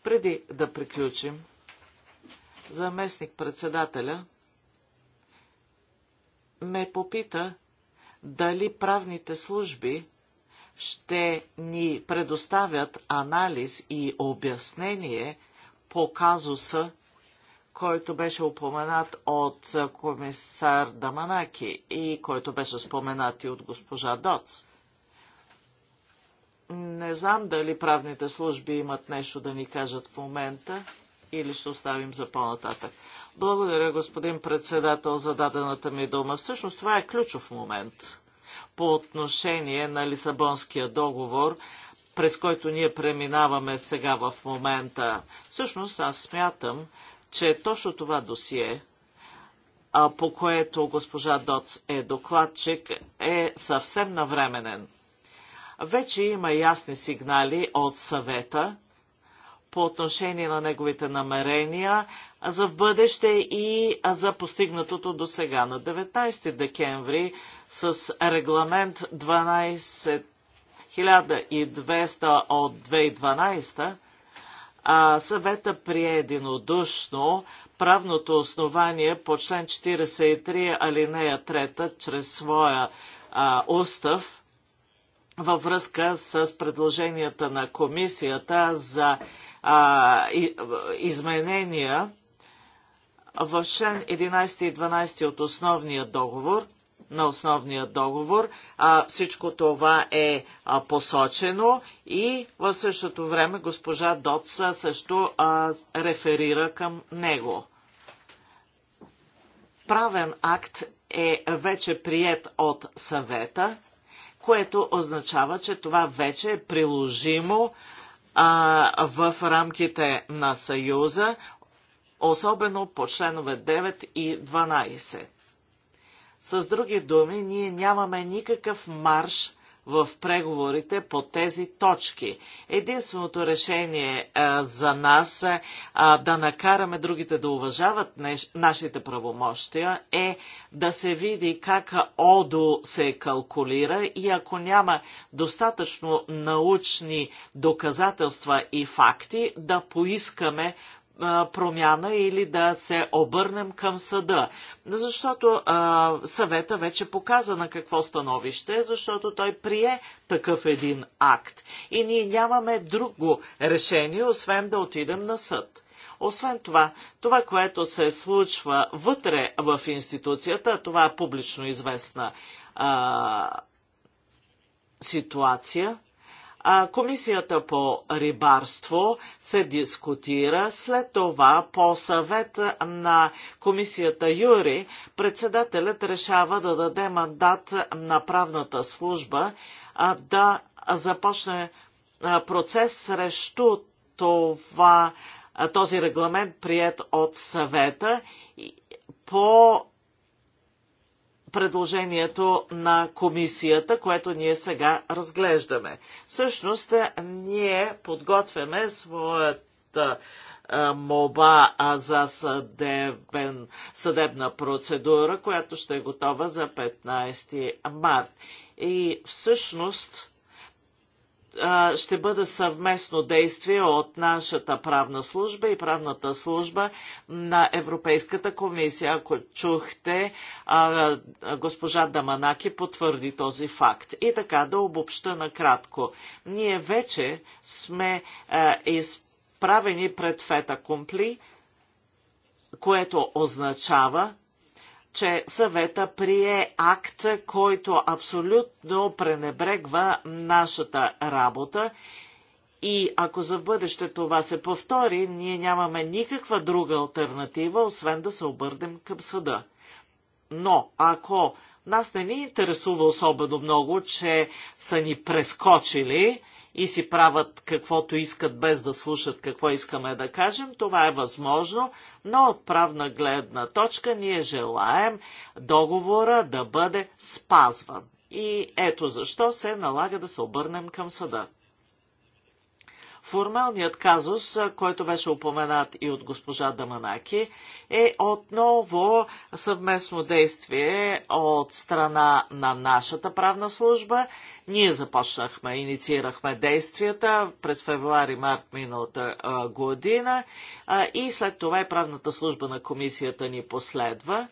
Преди да приключим, заместник председателя ме попита дали правните служби ще ни предоставят анализ и обяснение по казуса който беше упоменат от комисар Даманаки и който беше споменат и от госпожа Доц. Не знам дали правните служби имат нещо да ни кажат в момента или ще оставим за по-нататък. Благодаря, господин председател, за дадената ми дума. Всъщност това е ключов момент по отношение на Лисабонския договор, през който ние преминаваме сега в момента. Всъщност аз смятам, че точно това досие, по което госпожа Доц е докладчик, е съвсем навременен. Вече има ясни сигнали от съвета по отношение на неговите намерения за в бъдеще и за постигнатото до сега. На 19 декември с регламент 12 1200 от 2012 а, съвета прие единодушно правното основание по член 43 алинея 3 чрез своя а, устав във връзка с предложенията на комисията за а, и, изменения в член 11 и 12 от основния договор – на основния договор. А, всичко това е а, посочено и в същото време госпожа Дотса също а, реферира към него. Правен акт е вече прият от съвета, което означава, че това вече е приложимо а, в рамките на Съюза, особено по членове 9 и 12. С други думи, ние нямаме никакъв марш в преговорите по тези точки. Единственото решение е, а, за нас е, а, да накараме другите да уважават неш... нашите правомощия е да се види как ОДО се калкулира и ако няма достатъчно научни доказателства и факти, да поискаме промяна или да се обърнем към съда. Защото а, съвета вече показа на какво становище, защото той прие такъв един акт. И ние нямаме друго решение, освен да отидем на съд. Освен това, това, което се случва вътре в институцията, това е публично известна а, ситуация, комисията по рибарство се дискутира, след това по съвет на комисията Юри председателят решава да даде мандат на правната служба да започне процес срещу това, този регламент прият от съвета по предложението на комисията, което ние сега разглеждаме. Всъщност, ние подготвяме своята моба за съдебен, съдебна процедура, която ще е готова за 15 март. И всъщност ще бъде съвместно действие от нашата правна служба и правната служба на Европейската комисия. Ако чухте, госпожа Даманаки потвърди този факт. И така да обобща накратко. Ние вече сме изправени пред фета компли, което означава, че съвета прие акт, който абсолютно пренебрегва нашата работа и ако за бъдеще това се повтори, ние нямаме никаква друга альтернатива, освен да се обърнем към съда. Но ако нас не ни интересува особено много, че са ни прескочили, и си правят каквото искат без да слушат какво искаме да кажем, това е възможно, но от правна гледна точка ние желаем договора да бъде спазван. И ето защо се налага да се обърнем към съда. Формалният казус, който беше упоменат и от госпожа Даманаки, е отново съвместно действие от страна на нашата правна служба. Ние започнахме, инициирахме действията през февруари-март миналата година и след това и правната служба на комисията ни последва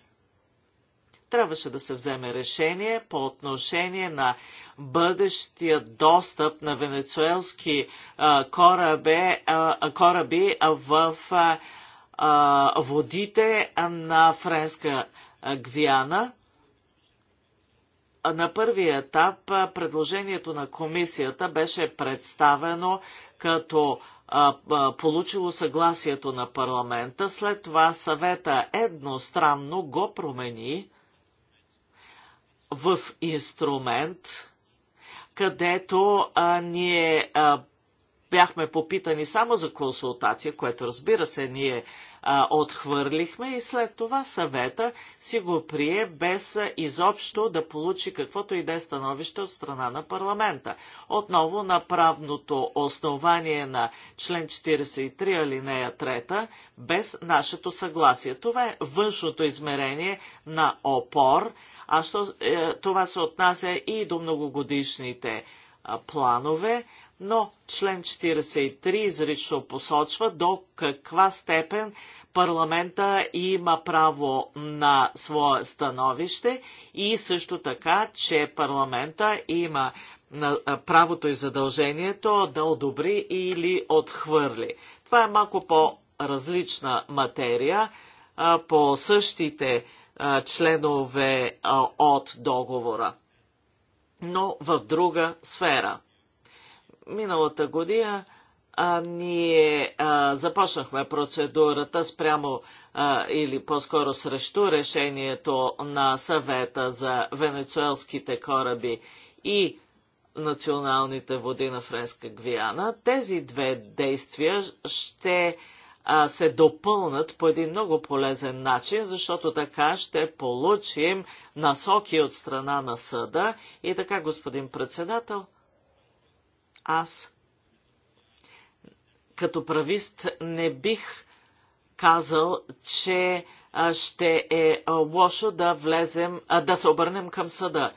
трябваше да се вземе решение по отношение на бъдещия достъп на венецуелски кораби, кораби в водите на Френска Гвиана. На първия етап предложението на комисията беше представено като получило съгласието на парламента. След това съвета едностранно го промени в инструмент, където а, ние а, бяхме попитани само за консултация, което разбира се ние а, отхвърлихме и след това съвета си го прие без а, изобщо да получи каквото и да е становище от страна на парламента. Отново на правното основание на член 43 алинея 3 без нашето съгласие. Това е външното измерение на опор, а що, е, това се отнася и до многогодишните а, планове, но член 43 изрично посочва до каква степен парламента има право на свое становище и също така, че парламента има на правото и задължението да одобри или отхвърли. Това е малко по-различна материя. По същите членове от договора, но в друга сфера. Миналата година а, ние а, започнахме процедурата спрямо а, или по-скоро срещу решението на съвета за венецуелските кораби и националните води на Френска Гвиана. Тези две действия ще а, се допълнат по един много полезен начин, защото така ще получим насоки от страна на съда. И така, господин председател, аз като правист не бих казал, че ще е лошо да влезем, да се обърнем към съда.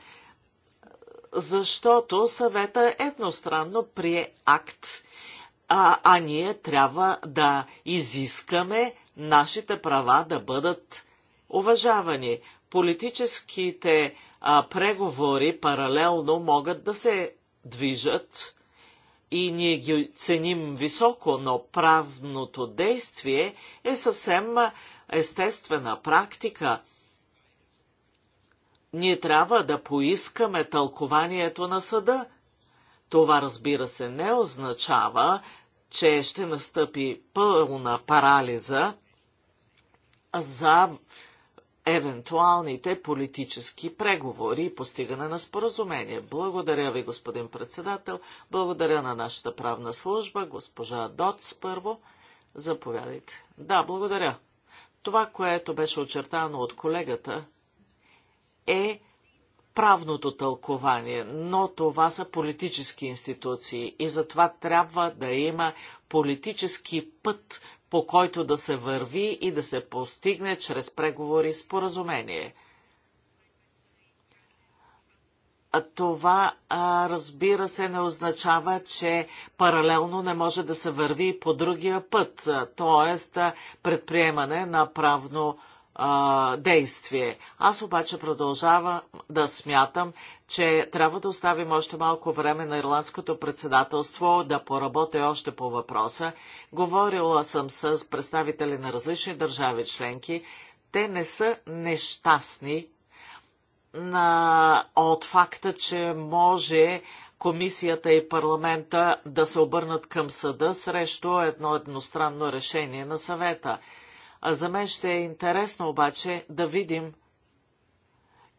Защото съвета едностранно прие акт а, а ние трябва да изискаме нашите права да бъдат уважавани. Политическите а, преговори паралелно могат да се движат и ние ги ценим високо, но правното действие е съвсем естествена практика. Ние трябва да поискаме тълкованието на съда. Това, разбира се, не означава, че ще настъпи пълна парализа за евентуалните политически преговори и постигане на споразумение. Благодаря ви, господин председател. Благодаря на нашата правна служба, госпожа Доц първо. Заповядайте. Да, благодаря. Това, което беше очертано от колегата, е правното тълкование, но това са политически институции и затова трябва да има политически път, по който да се върви и да се постигне чрез преговори споразумение. Това, разбира се, не означава, че паралелно не може да се върви по другия път, т.е. предприемане на правно действие. Аз обаче продължавам да смятам, че трябва да оставим още малко време на ирландското председателство да поработи още по въпроса. Говорила съм с представители на различни държави членки. Те не са нещастни на, от факта, че може комисията и парламента да се обърнат към съда срещу едно едностранно решение на съвета. За мен ще е интересно обаче да видим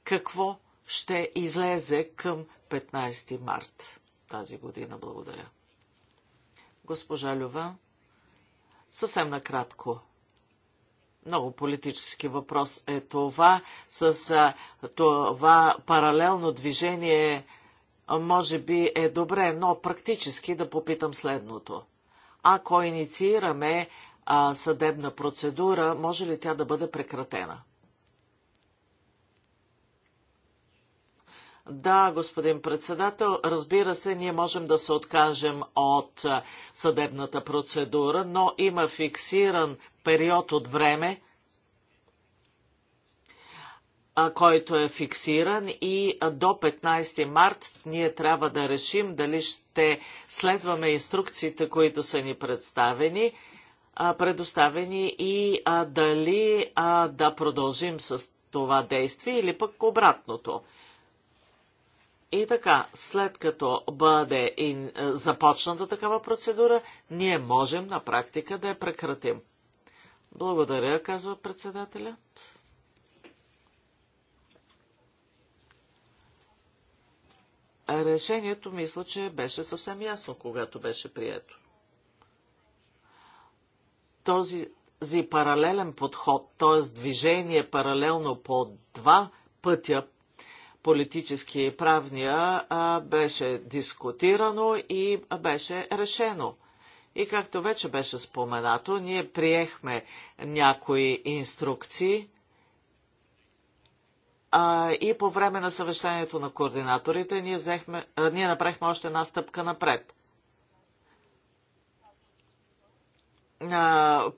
какво ще излезе към 15 март тази година. Благодаря. Госпожа Люва, съвсем накратко. Много политически въпрос е това. С това паралелно движение може би е добре, но практически да попитам следното. Ако инициираме а, съдебна процедура, може ли тя да бъде прекратена? Да, господин председател, разбира се, ние можем да се откажем от съдебната процедура, но има фиксиран период от време, който е фиксиран и до 15 март ние трябва да решим дали ще следваме инструкциите, които са ни представени предоставени и а, дали а, да продължим с това действие или пък обратното. И така, след като бъде и започната такава процедура, ние можем на практика да я прекратим. Благодаря, казва председателят. Решението, мисля, че беше съвсем ясно, когато беше прието този паралелен подход, т.е. движение паралелно по два пътя, политически и правния, беше дискутирано и беше решено. И както вече беше споменато, ние приехме някои инструкции а, и по време на съвещанието на координаторите ние, взехме, а, ние направихме още една стъпка напред –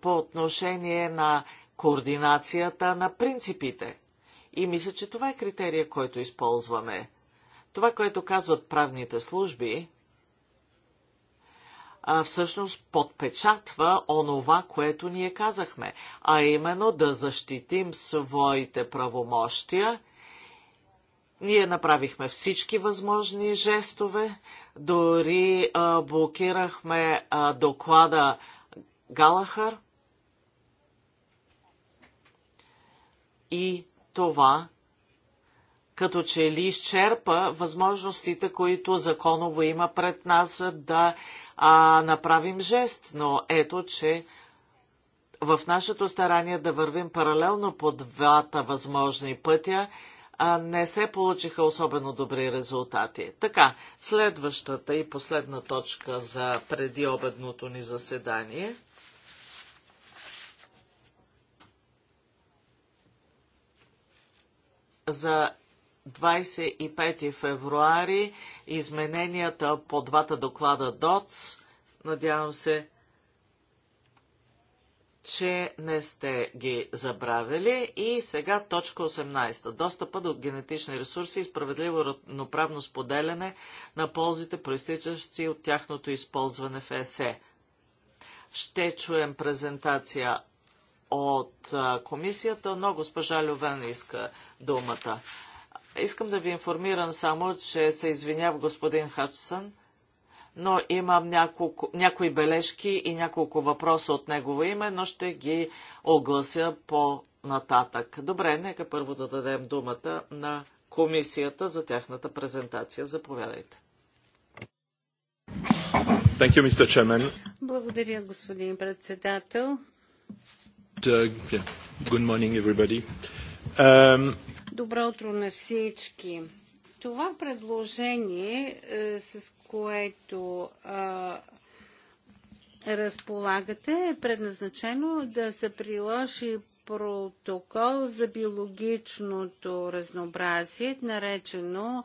по отношение на координацията на принципите. И мисля, че това е критерия, който използваме. Това, което казват правните служби, а, всъщност подпечатва онова, което ние казахме, а именно да защитим своите правомощия. Ние направихме всички възможни жестове, дори а, блокирахме а, доклада Галахър и това като че ли изчерпа възможностите, които законово има пред нас да а, направим жест. Но ето, че в нашето старание да вървим паралелно по двата възможни пътя, а не се получиха особено добри резултати. Така, следващата и последна точка за преди обедното ни заседание – за 25 февруари измененията по двата доклада ДОЦ. Надявам се, че не сте ги забравили. И сега точка 18. Достъпа до генетични ресурси и справедливо равноправно споделяне на ползите, проистичащи от тяхното използване в ЕСЕ. Ще чуем презентация от комисията, но госпожа Лювен иска думата. Искам да ви информирам само, че се извинява господин Хачсън, но имам няколко, някои бележки и няколко въпроса от негово име, но ще ги оглася по-нататък. Добре, нека първо да дадем думата на комисията за тяхната презентация. Заповядайте. Thank you, Mr. Chairman. Благодаря, господин председател. Uh, um, Добро утро на всички. Това предложение, е, с което разполагате, е предназначено да се приложи протокол за биологичното разнообразие, наречено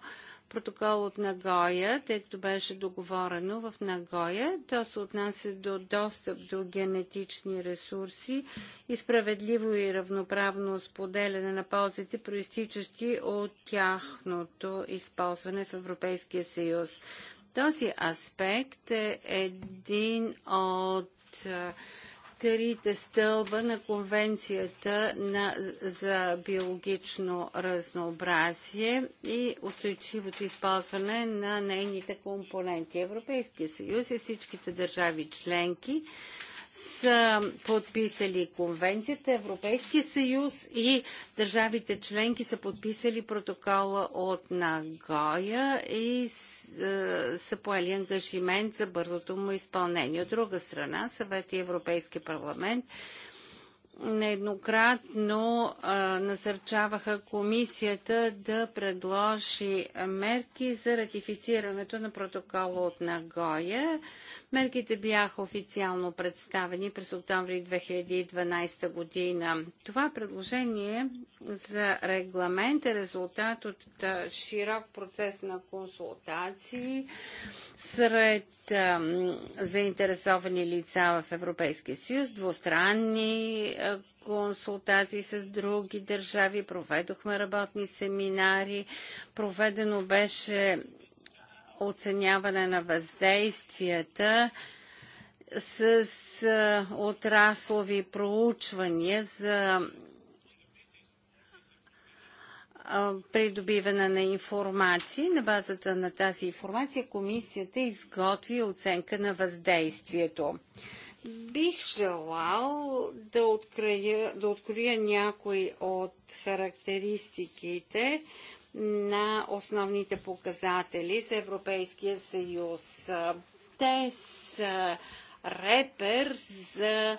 протокол от Нагоя, тъй като беше договорено в Нагоя. То се отнася до достъп до генетични ресурси и справедливо и равноправно споделяне на ползите, проистичащи от тяхното използване в Европейския съюз. Този аспект е един от трите стълба на Конвенцията на, за биологично разнообразие и устойчивото използване на нейните компоненти. Европейския съюз и всичките държави членки са подписали конвенцията, Европейския съюз и държавите членки са подписали протокола от Нагоя и е, са поели ангажимент за бързото му изпълнение. От друга страна, съвет и Европейски парламент нееднократно а, насърчаваха комисията да предложи мерки за ратифицирането на протокола от Нагоя. Мерките бяха официално представени през октомври 2012 година. Това предложение за регламент е резултат от широк процес на консултации сред а, заинтересовани лица в Европейския съюз, двустранни консултации с други държави, проведохме работни семинари, проведено беше оценяване на въздействията с отраслови проучвания за придобиване на информация. На базата на тази информация комисията изготви оценка на въздействието. Бих желал да открия, да открия някои от характеристиките на основните показатели за Европейския съюз. Те са репер за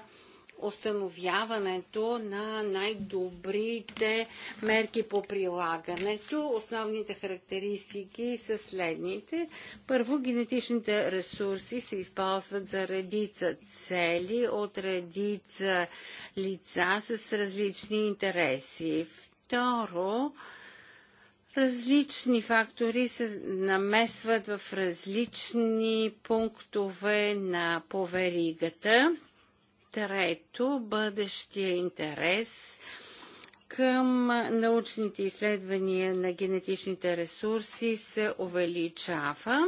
установяването на най-добрите мерки по прилагането. Основните характеристики са следните. Първо, генетичните ресурси се използват за редица цели от редица лица с различни интереси. Второ, Различни фактори се намесват в различни пунктове на поверигата. Трето, бъдещия интерес към научните изследвания на генетичните ресурси се увеличава,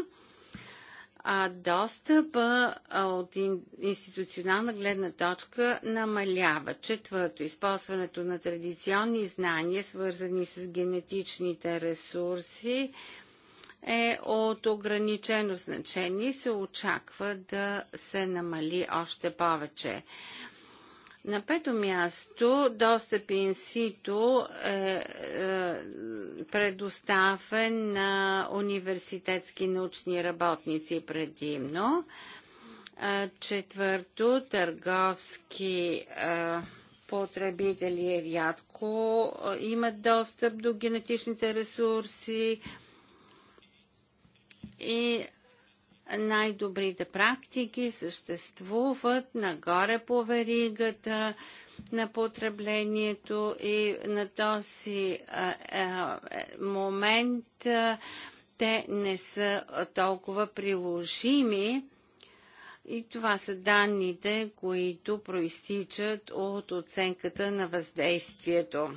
а достъпа от институционална гледна точка намалява. Четвърто, използването на традиционни знания, свързани с генетичните ресурси, е от ограничено значение и се очаква да се намали още повече. На пето място, достъп инсито е, е предоставен на университетски научни работници предимно. Е, четвърто, търговски е, потребители рядко имат достъп до генетичните ресурси и най-добрите практики съществуват нагоре по веригата на потреблението и на този е, е, момент те не са толкова приложими. И това са данните, които проистичат от оценката на въздействието.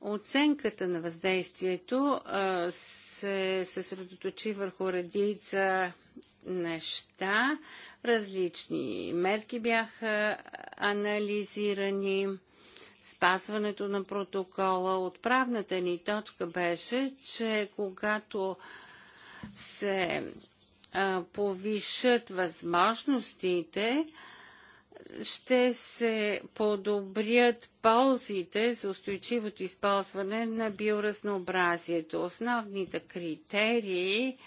Оценката на въздействието а, се съсредоточи върху редица неща. Различни мерки бяха анализирани. Спазването на протокола. Отправната ни точка беше, че когато се повишат възможностите, ще се подобрят ползите за устойчивото използване на биоразнообразието. Основните критерии,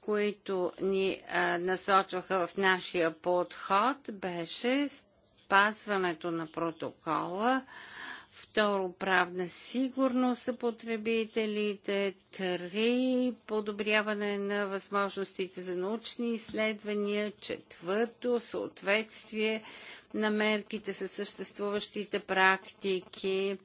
които ни а, насочваха в нашия подход, беше спазването на протокола, Второ, правна сигурност за потребителите. Три, подобряване на възможностите за научни изследвания. Четвърто, съответствие на мерките със съществуващите практики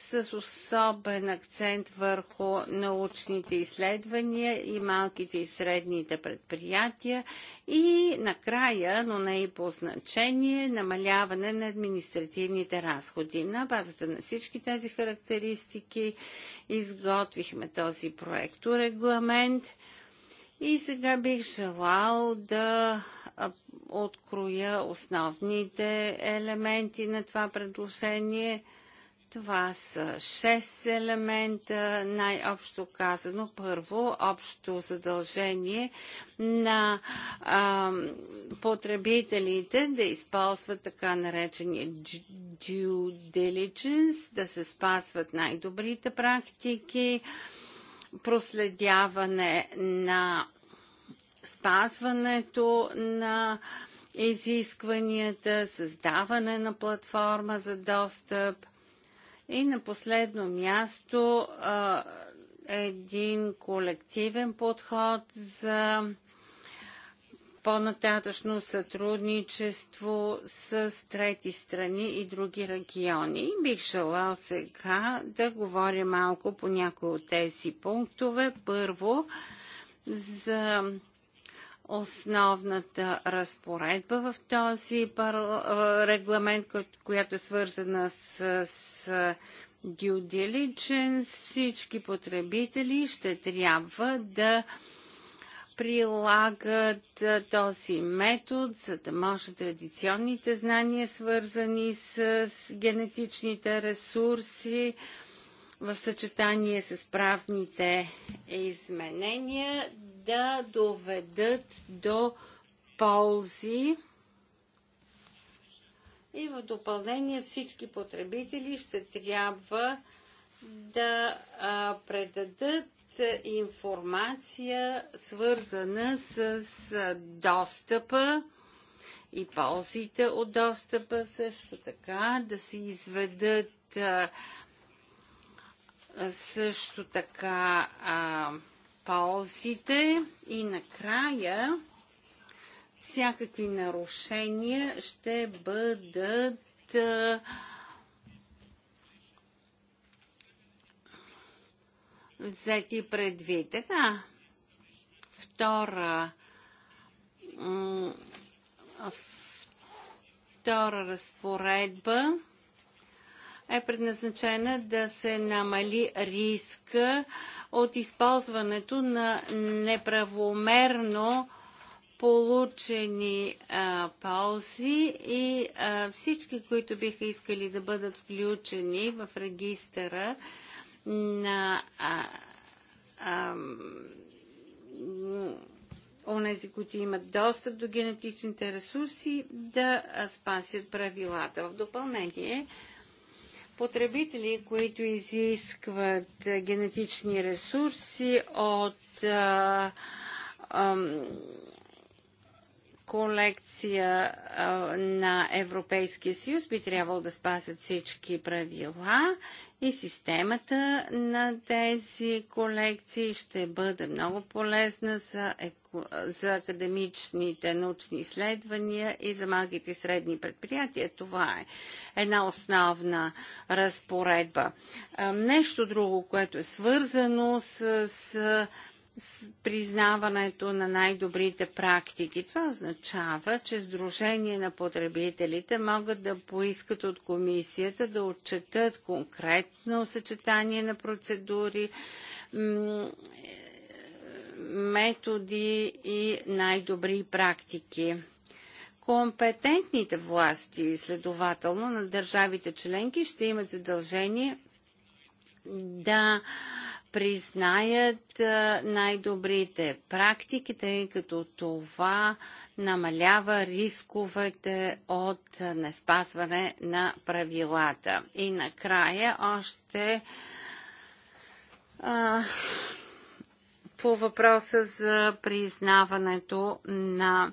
с особен акцент върху научните изследвания и малките и средните предприятия и накрая, но не и по значение, намаляване на административните разходи. На базата на всички тези характеристики изготвихме този проект регламент и сега бих желал да откроя основните елементи на това предложение – това са шест елемента, най-общо казано. Първо, общо задължение на а, потребителите да използват така наречения due diligence, да се спазват най-добрите практики, проследяване на спазването на изискванията, създаване на платформа за достъп, и на последно място а, един колективен подход за по-нататъчно сътрудничество с трети страни и други региони. Бих желал сега да говоря малко по някои от тези пунктове. Първо, за основната разпоредба в този регламент, която е свързана с, с due diligence. Всички потребители ще трябва да прилагат този метод, за да може традиционните знания, свързани с генетичните ресурси, в съчетание с правните изменения да доведат до ползи. И в допълнение всички потребители ще трябва да а, предадат информация, свързана с, достъпа и ползите от достъпа, също така да се изведат а, също така а, ползите и накрая всякакви нарушения ще бъдат взети предвид. Е, да, втора втора разпоредба е предназначена да се намали риска от използването на неправомерно получени а, ползи и а, всички, които биха искали да бъдат включени в регистъра на онези, които имат достъп до генетичните ресурси, да спасят правилата. В допълнение, потребители, които изискват е, генетични ресурси от е, колекция е, на Европейския съюз, би трябвало да спасят всички правила и системата на тези колекции ще бъде много полезна за, еко... за академичните научни изследвания и за малките и средни предприятия. Това е една основна разпоредба. Нещо друго, което е свързано с, с признаването на най-добрите практики. Това означава, че Сдружение на потребителите могат да поискат от комисията да отчетат конкретно съчетание на процедури, методи и най-добри практики. Компетентните власти, следователно, на държавите членки ще имат задължение да признаят най-добрите практики, тъй като това намалява рисковете от неспазване на правилата. И накрая още а, по въпроса за признаването на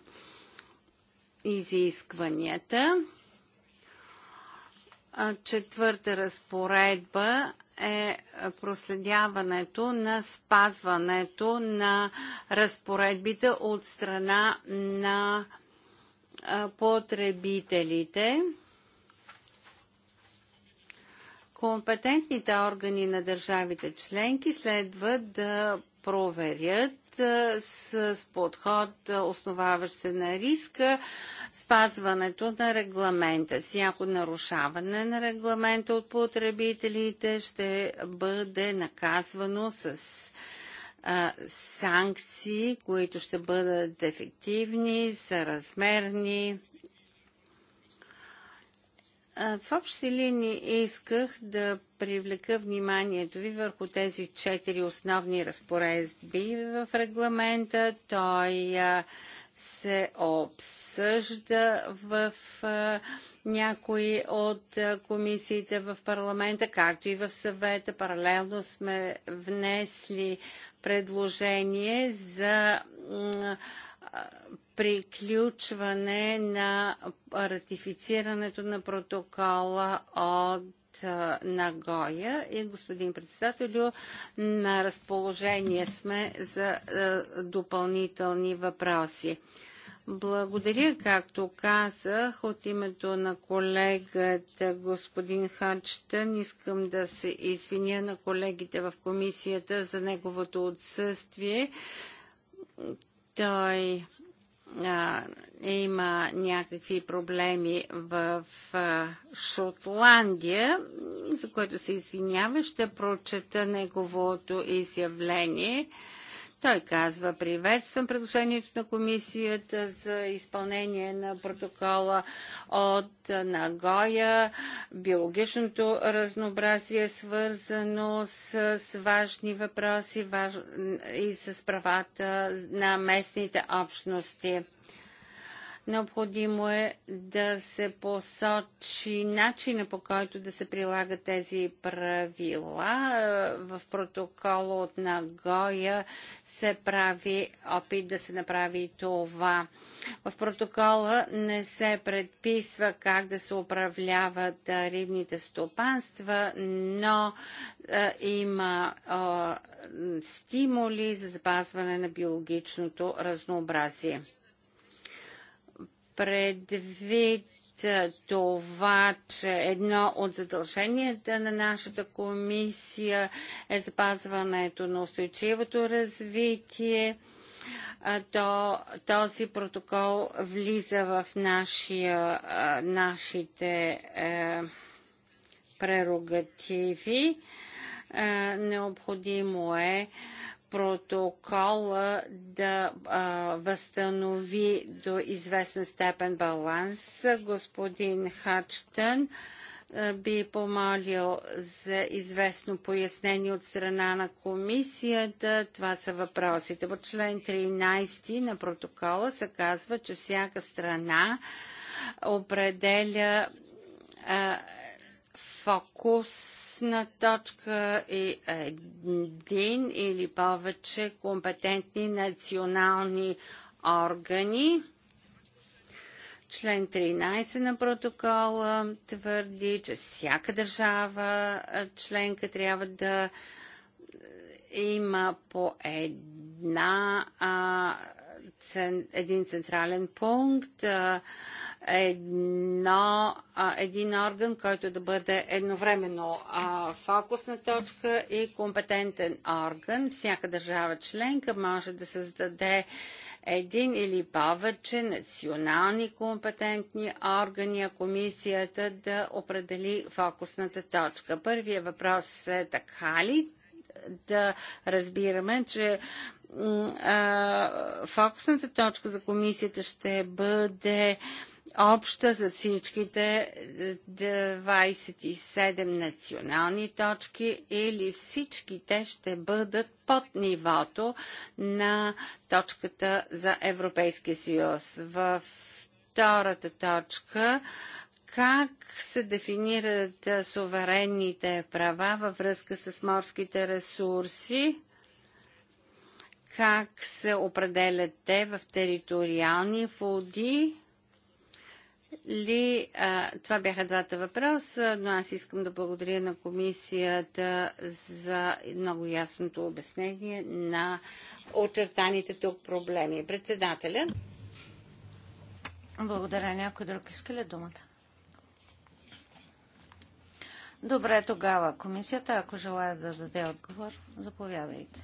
изискванията. Четвърта разпоредба е проследяването на спазването на разпоредбите от страна на потребителите. Компетентните органи на държавите членки следва да проверят с подход, основаващ се на риска, спазването на регламента. Всяко нарушаване на регламента от потребителите ще бъде наказвано с а, санкции, които ще бъдат ефективни, съразмерни в общи линии исках да привлека вниманието ви върху тези четири основни разпоредби в регламента. Той се обсъжда в някои от комисиите в парламента, както и в съвета. Паралелно сме внесли предложение за приключване на ратифицирането на протокола от Нагоя и господин председателю, на разположение сме за допълнителни въпроси. Благодаря, както казах, от името на колегата господин Хачтън. Искам да се извиня на колегите в комисията за неговото отсъствие. Той има някакви проблеми в Шотландия, за което се извинява. Ще прочета неговото изявление. Той казва, приветствам предложението на комисията за изпълнение на протокола от Нагоя. Биологичното разнообразие е свързано с, важни въпроси и с правата на местните общности. Необходимо е да се посочи начина по който да се прилагат тези правила. В протокола от Нагоя се прави опит да се направи това. В протокола не се предписва как да се управляват рибните стопанства, но има стимули за запазване на биологичното разнообразие предвид това, че едно от задълженията на нашата комисия е запазването на устойчивото развитие, то този протокол влиза в нашия, нашите е, прерогативи. Е, необходимо е протокола да а, възстанови до известна степен баланс. Господин Хачтън би помолил за известно пояснение от страна на комисията. Това са въпросите. В член 13 на протокола се казва, че всяка страна определя а, фокусна точка и е един или повече компетентни национални органи. Член 13 на протокола твърди, че всяка държава членка трябва да има по една, а, цен, един централен пункт. А, едно, а, един орган, който да бъде едновременно а, фокусна точка и компетентен орган. Всяка държава членка може да създаде един или повече национални компетентни органи, а комисията да определи фокусната точка. Първият въпрос е така ли да разбираме, че а, фокусната точка за комисията ще бъде а, обща за всичките 27 е, национални точки или всички те ще бъдат под нивото на точката за Европейския съюз. Във втората точка как се дефинират е, суверенните права във връзка с морските ресурси? Как се определят те в териториални води? ли? А, това бяха двата въпроса, но аз искам да благодаря на комисията за много ясното обяснение на очертаните тук проблеми. Председателя. Благодаря. Някой друг иска ли думата? Добре, тогава комисията, ако желая да даде отговор, заповядайте.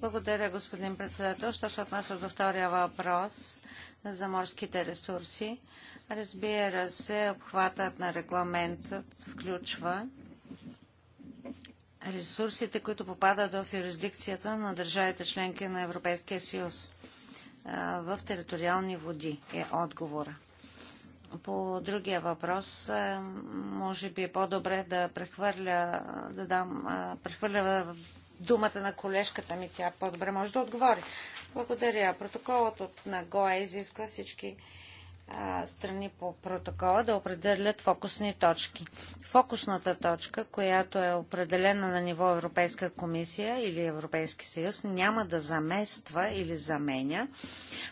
Благодаря, господин председател. Що се отнася до втория въпрос за морските ресурси, разбира се, обхватът на регламентът включва ресурсите, които попадат в юрисдикцията на държавите членки на Европейския съюз в териториални води е отговора. По другия въпрос, може би е по-добре да прехвърля, да дам, прехвърля думата на колежката ми, тя по-добре може да отговори. Благодаря. Протоколът от Нагоя изисква всички а, страни по протокола да определят фокусни точки. Фокусната точка, която е определена на ниво Европейска комисия или Европейски съюз, няма да замества или заменя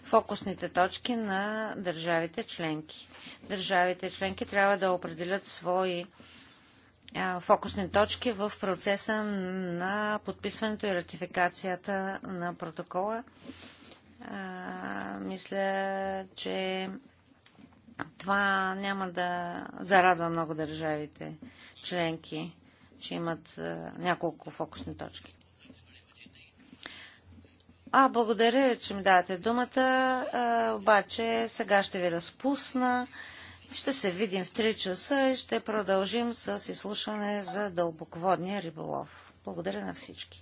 фокусните точки на държавите членки. Държавите членки трябва да определят свои фокусни точки в процеса на подписването и ратификацията на протокола. мисля, че това няма да зарадва много държавите членки, че имат няколко фокусни точки. А, благодаря, че ми давате думата, обаче сега ще ви разпусна. Ще се видим в 3 часа и ще продължим с изслушване за дълбоководния риболов. Благодаря на всички.